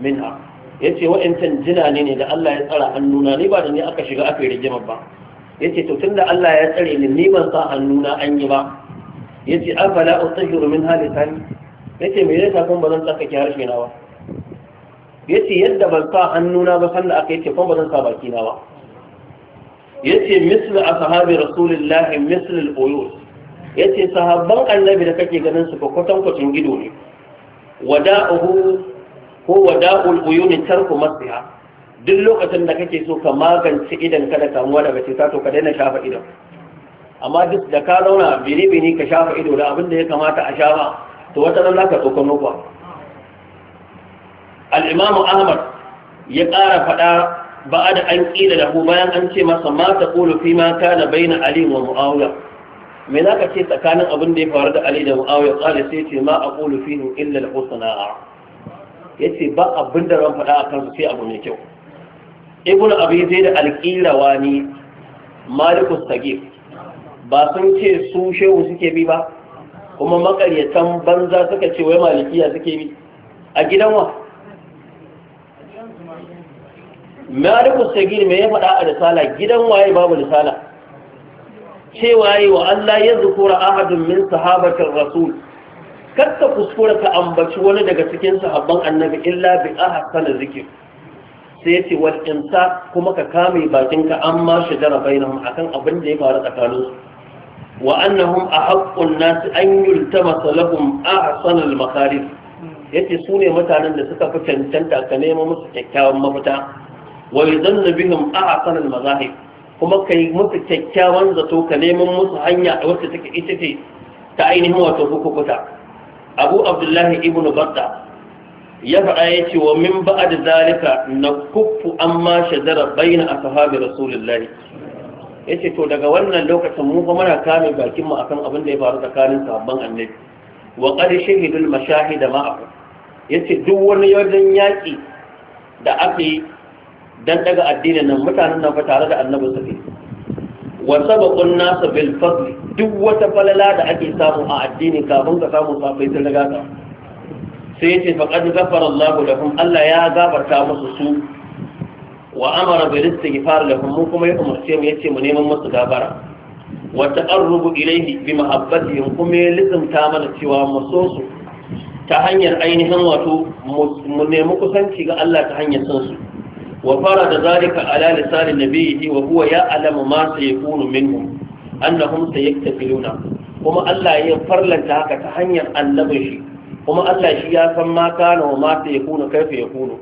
minha yace waɗancan jina ne da Allah ya tsara hannuna ni ba da ni aka shiga aka yi rigimar ba Ya ce to tunda Allah ya tsare ni ni ban sa hannuna an yi ba Ya ce yace afala utahiru min Ya ce me yasa kun ba zan tsakake harshe na ba ce yadda ban sa hannuna ba sanda aka yace kun ba zan sa baki na ba Ya ce Misli a ashabi rasulillahi Misli al Ya ce sahabban annabi da kake ganin su ko kwatan kwacin gido ne wada'uhu ko wada'ul uyuni tarku masiha duk lokacin da kake so ka magance idan kada kamuwa daga cuta to ka daina shafa idan amma duk da ka zauna bini-bini ka shafa ido da abin da ya kamata a shafa to wata nan za ka tsokan nukwa al'imamu ahmad ya ƙara faɗa ba da an ƙila da bayan an ce masa mata ƙulu fi ma bai na ali wa mu'awiya me za ka ce tsakanin abin da ya faru da ali da mu'awiya tsali sai ce ma a ƙulu fi illa da husna ya ce ba abin da ran faɗa a kansu sai abu mai kyau ibn abi zai da alƙirawa malik malikus sagir ba sun ce su shehu suke bi ba kuma makaryatan banza suka ce wai malikiya suke bi a gidan wa malikus sagir me ya faɗa a risala gidan waye babu risala cewa yi wa Allah ya zukura ahadun min sahabatin rasul kakka kuskura ka ambaci wani daga cikin sahabban annabi illa bi ahasana zikir sai yace wal insa kuma ka kame bakinka amma shajara bainahum akan abin da ya faru tsakanin su wa annahum ahaqqun nas an yultamasa lahum ahsanal makarif yace su ne mutanen da suka fi cancanta ka nemo musu kyakkyawan mafita wa yuzanna bihim ahsanal mazahib kuma kai musu kyakkyawan zato ka neman musu hanya wacce take ita ce ta ainihin wato hukukuta abu abdullahi ibnu barda ya faɗa ya ce wa min da zalika na kuffu amma shajara a sahabi rasulullahi ce to daga wannan lokacin mu kuma muna kame bakin mu akan abin da ya faru tsakanin sahabban annabi wa qad shahidul ma'afu ya ce duk wani yardan yaƙi da aka yi don daga addinin nan mutanen nan fa tare da annabi suke wa sabaqun nas bil fadl duk wata falala da ake samu a addini kafin ka samu sahabbai sun riga sai yace faqad ghafara Allahu kuma Allah ya zabarta musu su wa amara bil istighfar lahum mu kuma ya umarce mu yace mu neman musu gabara. wa taqarrubu ilayhi bi mahabbatihim kuma ya lizumta mana cewa mu so su ta hanyar ainihin wato mu nemi kusanci ga Allah ta hanyar son su wa fara da zalika ala lisanin nabiyyi wa huwa ya'lamu ma sayakunu minhum annahum sayaktafiluna kuma Allah ya farlanta haka ta hanyar annabin shi kuma Allah shi ya san ma kana wa ma ta yakunu kaifa kuna.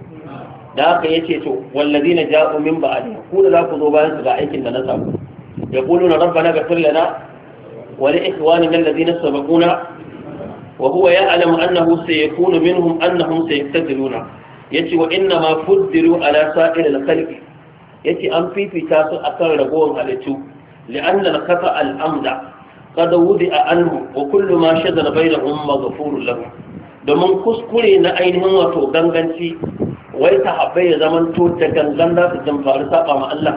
da haka ce to wallazina ja'u min ba'di ku da za ku zo bayan su ga aikin da na samu yaquluna rabbana ghfir lana wa li ikhwanina alladhina sabaquna wa huwa ya'lamu annahu sayakunu minhum annahum sayaktadiluna yace wa inna ma fuddiru ala sa'ir al-khalqi yace an fifita su akan ragowar halittu لأن الخطأ الأمدع قد وضع عنه وكل ما شذر بينهم مغفور له domin kuskure na ainihin wato ganganci wai sahabbai ya zaman to da gangan za su faru saba ma Allah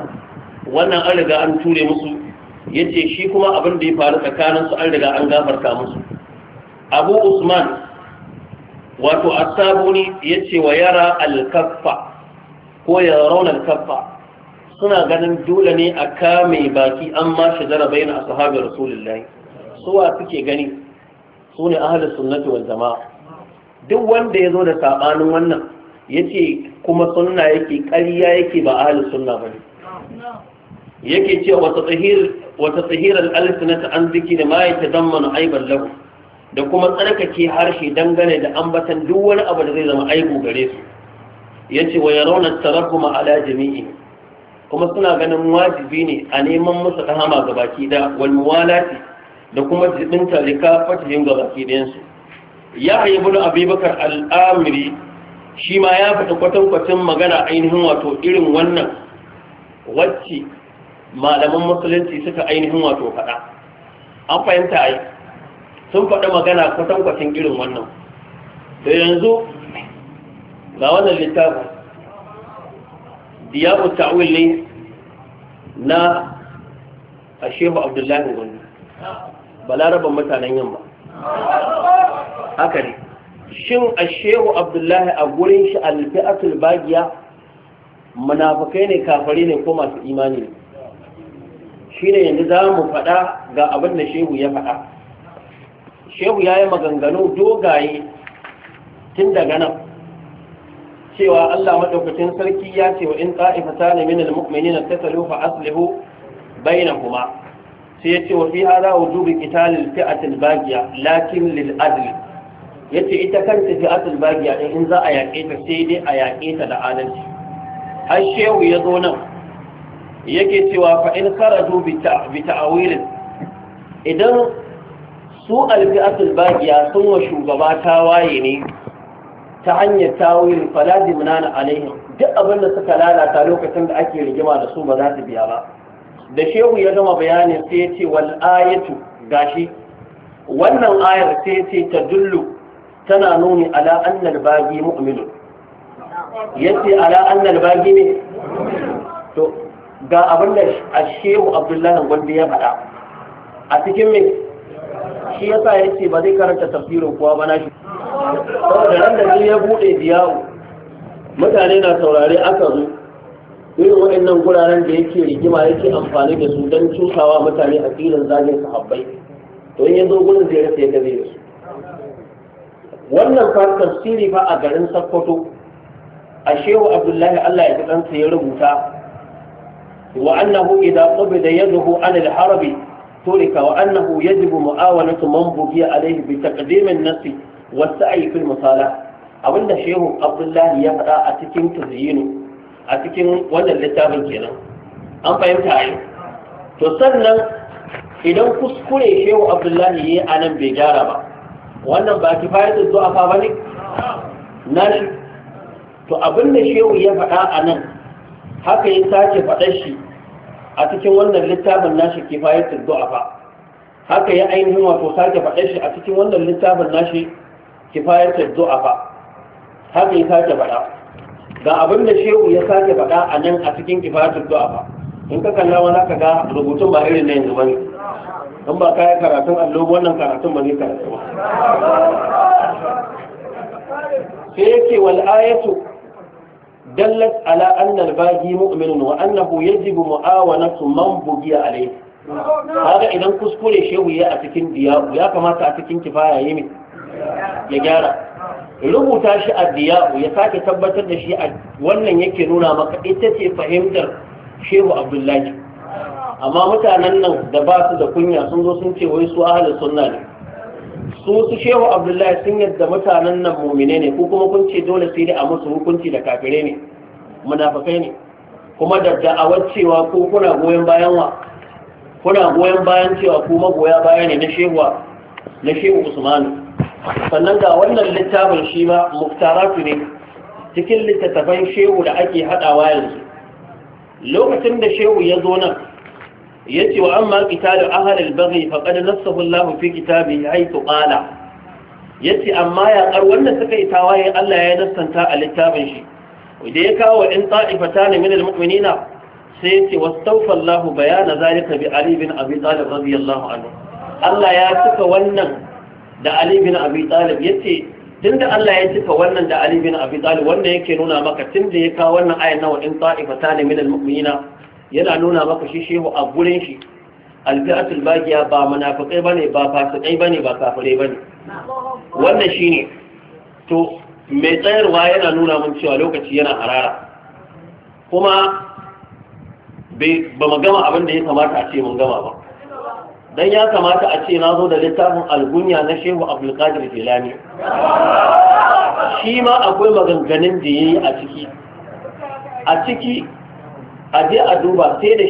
wannan an riga an ture musu yace shi kuma abin da ya faru tsakanin su an riga an gafarta musu Abu Usman wato asabuni yace wa yara al-kaffa ko ya rauna al suna ganin dole ne a kame baki an ma jarabaina bayan ashabi rasulullahi suwa suke gani sune ahlus sunnati wal jama'a duk wanda ya zo da sabanin wannan ya ce kuma sunna yake ƙarya yake ba ahli sunna ba ne yake ce wata tsahirar alisinata an ziki da ma ya ta na aibar lahu da kuma tsarkake harshe dangane da ambatan duk wani abu da zai zama aibu gare su ya ce wa yaron tarakuma ala jami'i kuma suna ganin wajibi ne a neman musu rahama gabaki da walmuwalati da kuma jibinta da kafatihim gabaki ɗayansu ya ibn abubakar al'amiri shi ma ya faɗi kwatankwacin magana ainihin wato irin wannan wacce malaman musulunci suka ainihin wato faɗa an fahimta ai sun faɗi magana kwatankwacin irin wannan da yanzu ga wannan littafin diyabu ta'wil ne na a shehu abdullahi wani balarabar mutanen yamma haka ne shin Shehu abdullahi a gurin shi alfi'atul bagiya munafikai ne kafari ne ko masu imani ne ne yanzu za mu faɗa ga abin da shehu ya faɗa shehu ya yi maganganu dogaye tun daga nan cewa Allah maɗaukacin sarki ya ce wa in ta ne min al ta tasalu fa aslihu kuma. sai ya ce wa fi hada wujubi qitalil fi'atil bagiya lakin lil adl yace ita kanta fi'atul bagiya din in za a yaƙe ta sai dai a yaƙe ta da adalci har shehu ya zo nan yake cewa fa in kharaju bi ta'awilin idan su alfi'atul bagiya sun wa shugaba ta waye ne ta hanyar tawilin fala dimnana alaihim duk abin da suka lalata lokacin da ake rigima da su ba za su biya ba da shehu ya gama bayanin sai ya ce wal ayatu gashi wannan ayar sai ya ce ta dullu tana nuni ala annal bagi mu'minun yace ala annal bagi ne to ga abin da shehu abdullahi Gwande ya faɗa a cikin me shi yasa ya ce ba zai karanta tafsirin kuwa ba na shi saboda nan da ya buɗe diyawo mutane na saurare aka zo irin waɗannan guraren da yake rigima yake amfani da su don cusawa mutane a filin zagin sahabbai to in ya gurin zai rasa yadda zai rasu wannan fa tafsiri fa a garin Sokoto a shehu Abdullahi Allah ya ji kansa ya rubuta wa annahu idza qabida yaduhu an al-harabi turika wa annahu yajibu mu'awanatu man bughiya alayhi bi taqdim an-nafs wa sa'i fil musala abinda shehu Abdullahi ya faɗa a cikin tazyinu a cikin wannan littafin kenan an fahimta ai to sannan idan kuskure shehu Abdullahi ya yayi anan bai gyara ba wannan ba ki kifayatun fa ba ne na to abin da shehu ya faɗa a nan haka ya sake faɗar shi a cikin wannan littafin nashi zuwa fa. haka ya ainihin wato sake faɗar shi a cikin wannan littafin nashi zuwa fa. haka ya sake faɗa ga abin da shehu ya sake faɗa a nan a cikin zuwa fa, in ka kalla wani ka ga rubutun ba irin na yanzu ba ne in ba kayan karatun allo wannan karatun ba zai karatu ba sai yake wal ayatu dallat ala anna al-baghi mu'minun wa annahu yajibu mu'awanatu man bughiya alayhi kaga idan kuskure shehu ya a cikin diya'u ya kamata a cikin kifaya yi ya gyara rubuta shi a diya'u ya sake tabbatar da shi a wannan yake nuna maka ita ce fahimtar shehu abdullahi amma mutanen nan da ba su da kunya sun zo sun ce wai su ahli sunna ne su su shehu abdullahi sun yadda mutanen nan mumine ne ko kuma kun ce dole sai dai a musu hukunci da kafire ne munafikai ne kuma da da'awar cewa ko kuna goyon bayan kuna goyon bayan cewa ko magoya baya ne na shehu na shehu usmanu sannan ga wannan littafin shi ba, muftaratu ne cikin littattafan shehu da ake haɗawa yanzu lokacin da shehu ya zo nan yace wa amma qitalu ahli al-baghi faqad nassahu Allah fi kitabihi haythu qala yace amma ya kar Wannan suka yi tawaye Allah ya nassanta a littafin shi da ya kawo wa in ta'ifatan min al-mu'minina sai yace wastawfa Allah bayana zalika bi Ali bin Abi Talib radiyallahu anhu Allah ya cika wannan da Ali bin Abi Talib yace tunda Allah ya cika wannan da Ali bin Abi Talib wanda yake nuna maka tunda ya kawo wannan ayan nawa in ta'ifatan min al yana nuna maka shi shehu a gurin shi alfi'atul bagiya ba munafiqai bane ba fasikai bane ba kafirai bane wannan shine to mai tsayarwa yana nuna mun cewa lokaci yana harara kuma ba mu gama abin da ya kamata a ce mun gama ba dan ya kamata a ce na zo da littafin algunya na shehu abdulkadir jilani shi ma akwai maganganun da yayi a ciki a ciki a je a duba sai da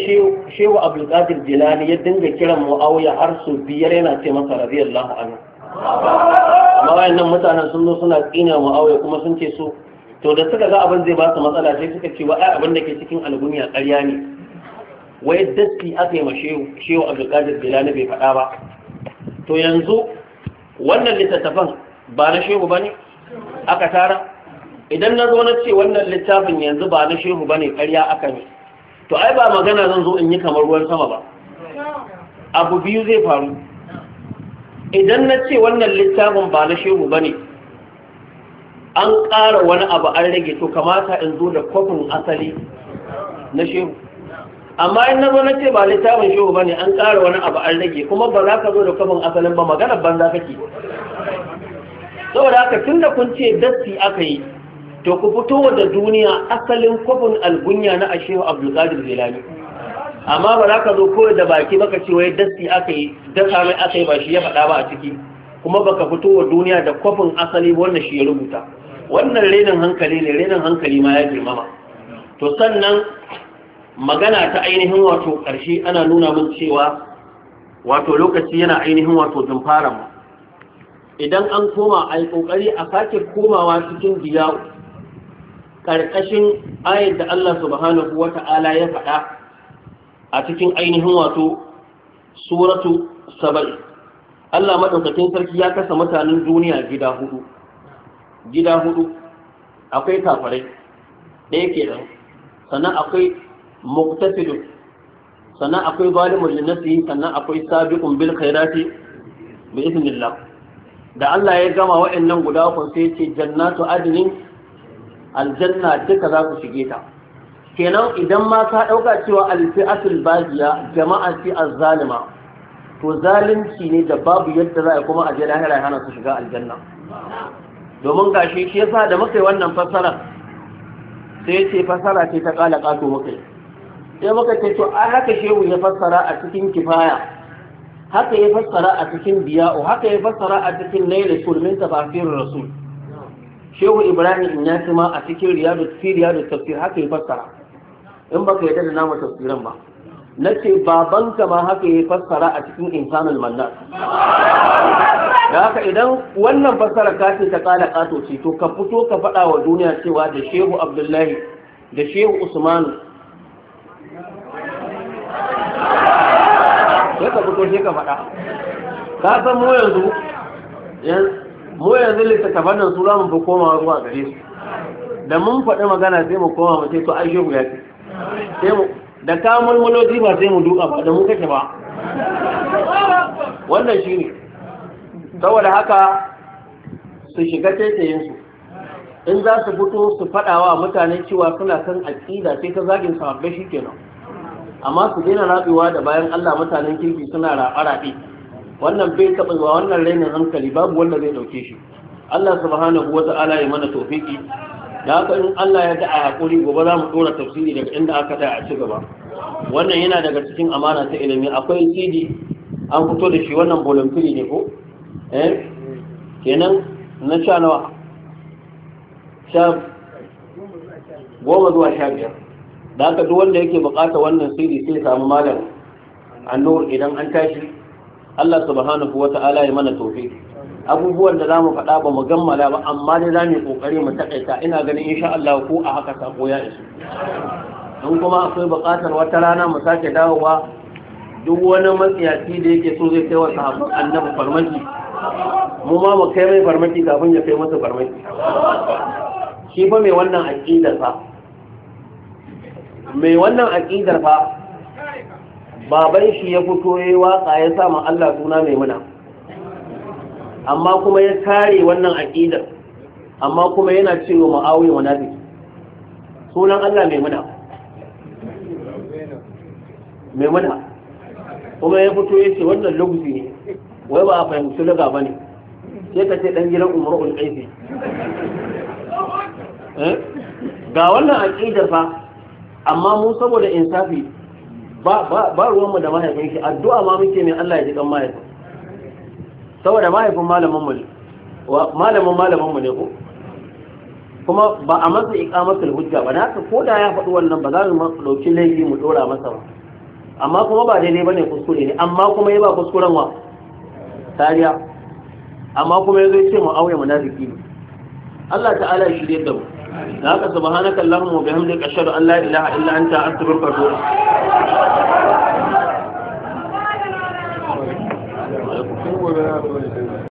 shehu abdulkadir jilani ya dinga kiran mu'awiya har su biyar yana ce masa radiyallahu anhu amma wayannan mutanen sun zo suna tsina mu'awiya kuma sun ce su to da suka ga abin zai ba su matsala sai suka ce wa ai abin da ke cikin algunya ƙarya ne wai datti aka yi ma shehu abdulkadir jilani bai faɗa ba to yanzu wannan littattafan ba na shehu ba ne aka tara idan na zo na ce wannan littafin yanzu ba na shehu ba ne ƙarya aka ne to ai ba magana zan zo in yi kamar ruwan sama ba abu biyu zai faru idan na ce wannan littafin ba na shehu ba ne an ƙara wani abu an rage to kamata in zo da kwafin asali na shehu amma in na zo na ce ba littafin shehu ba ne an ƙara wani abu an rage kuma ba za ka zo da kwafin asalin ba maganar banza ke? saboda haka tun da kun ce datti aka yi to ku fito da duniya asalin kwafin algunya na ashehu abdulkadir jilani amma ba za ka zo kawai da baki baka ce wai dasti aka yi dasa mai aka yi ba shi ya faɗa ba a ciki kuma baka fito wa duniya da kwafin asali wannan shi ya rubuta wannan renin hankali ne renin hankali ma ya girmama to sannan magana ta ainihin wato ƙarshe ana nuna min cewa wato lokaci yana ainihin wato fara mu idan an koma a yi ƙoƙari a sake komawa cikin biyawu ƙarƙashin ayar da Allah subhanahu wa ta'ala ya faɗa a cikin ainihin wato suratu saba'i Allah maɗaukakin sarki ya kasa mutanen duniya gida hudu gida hudu akwai kafarai ɗaya ke ɗan, sannan akwai muktasidun sannan akwai zalimun linnasi sannan akwai sabiqun bil khairati bi iznillah da Allah ya gama wa'annan guda kun sai ce jannatu adinin? aljanna duka za ku shige ta kenan idan ma ka ɗauka cewa alfi'atul bagiya jama'a ce azzalima to zalunci ne da babu yadda za a kuma aje lahira hana su shiga aljanna domin gashi shi yasa da muka yi wannan fasara sai ce fassara ce ta kala kato muka yi sai muka ce to ai haka shehu ya fassara a cikin kifaya haka ya fassara a cikin biya'u haka ya fassara a cikin nailul min tafsirir rasul shehu ibrahim in ya ma a cikin riyadu fi riyadu tafsir haka ya fassara in baka yi da namu tafsirin ba Na ce babanka ma haka ya fassara a cikin insanul manna da haka idan wannan fassara ka ta kala kato ce to ka fito ka faɗa wa duniya cewa da shehu abdullahi da shehu usmanu ya ka fito sai ka faɗa ka san mu yanzu mu yanzu littattafan nan su za mu fi komawa zuwa gare su da mun faɗi magana sai mu koma mu to ai shehu ya ce da ka mulmulo ba sai mu duka ba da mu kake ba wannan shi ne. saboda haka su shiga taitayin su in za su fito su faɗa wa mutane cewa suna san aƙida sai ta zagin shi kenan. amma su daina ratsuwa da bayan Allah mutanen kirki suna raɓe-raɓe wannan bai taɓa zuwa wannan rainin hankali babu wanda zai ɗauke shi Allah subhanahu wa ta'ala ya mana tofiki da haka in Allah ya da a hakuri gobe za mu ɗora tafsiri daga inda aka da a ci gaba wannan yana daga cikin amana ta ilimi akwai CD an fito da shi wannan voluntary ne ko eh kenan na sha nawa sha goma zuwa sha biyar da haka duk wanda yake bukata wannan CD sai samu malam annur idan an tashi Allah subhanahu wa ta'ala ya mana tawfiq abubuwan da zamu faɗa ba mu gammala ba amma dai zamu kokari mu takaita ina ganin insha Allah ko a haka sako ya isu in kuma akwai buƙatar wata rana mu sake dawowa duk wani matsiyaci da yake so zai kai wa sahabban annabi farmaki mu ma mu kai mai farmaki kafin ya kai masa farmaki shi fa mai wannan aqidar fa mai wannan aqidar fa baban shi ya fito ya yi waka ya sa ma Allah suna mai muna amma kuma ya kare wannan aƙidar amma kuma yana cewa ma'awi nafi sunan Allah mai muna mai muna kuma ya fito ya ce wannan lokaci ne wai ba a fahimci laga ba ne sai ka ce ɗan gidan umar ulƙaifi eh? ga wannan aƙidar fa amma mu saboda insafi ba ruwanmu da mahaifin shi addu'a ma muke ne Allah ya ji kan mahaifin saboda mahaifin malamin malamin malamin mu ne ko kuma ba a masa iqamatul hujja ba na ko da ya faɗi wannan ba za mu dauki laifi mu ɗora masa ba amma kuma ba daidai bane kuskure ne amma kuma ya ba kuskuren wa tariya amma kuma ya zo ce mu aure munafiki ne الله تعالى يجدد دم لك سبحانك اللهم وبحمدك أشهد أن لا إله إلا أنت أستغفرك وأتوب إليك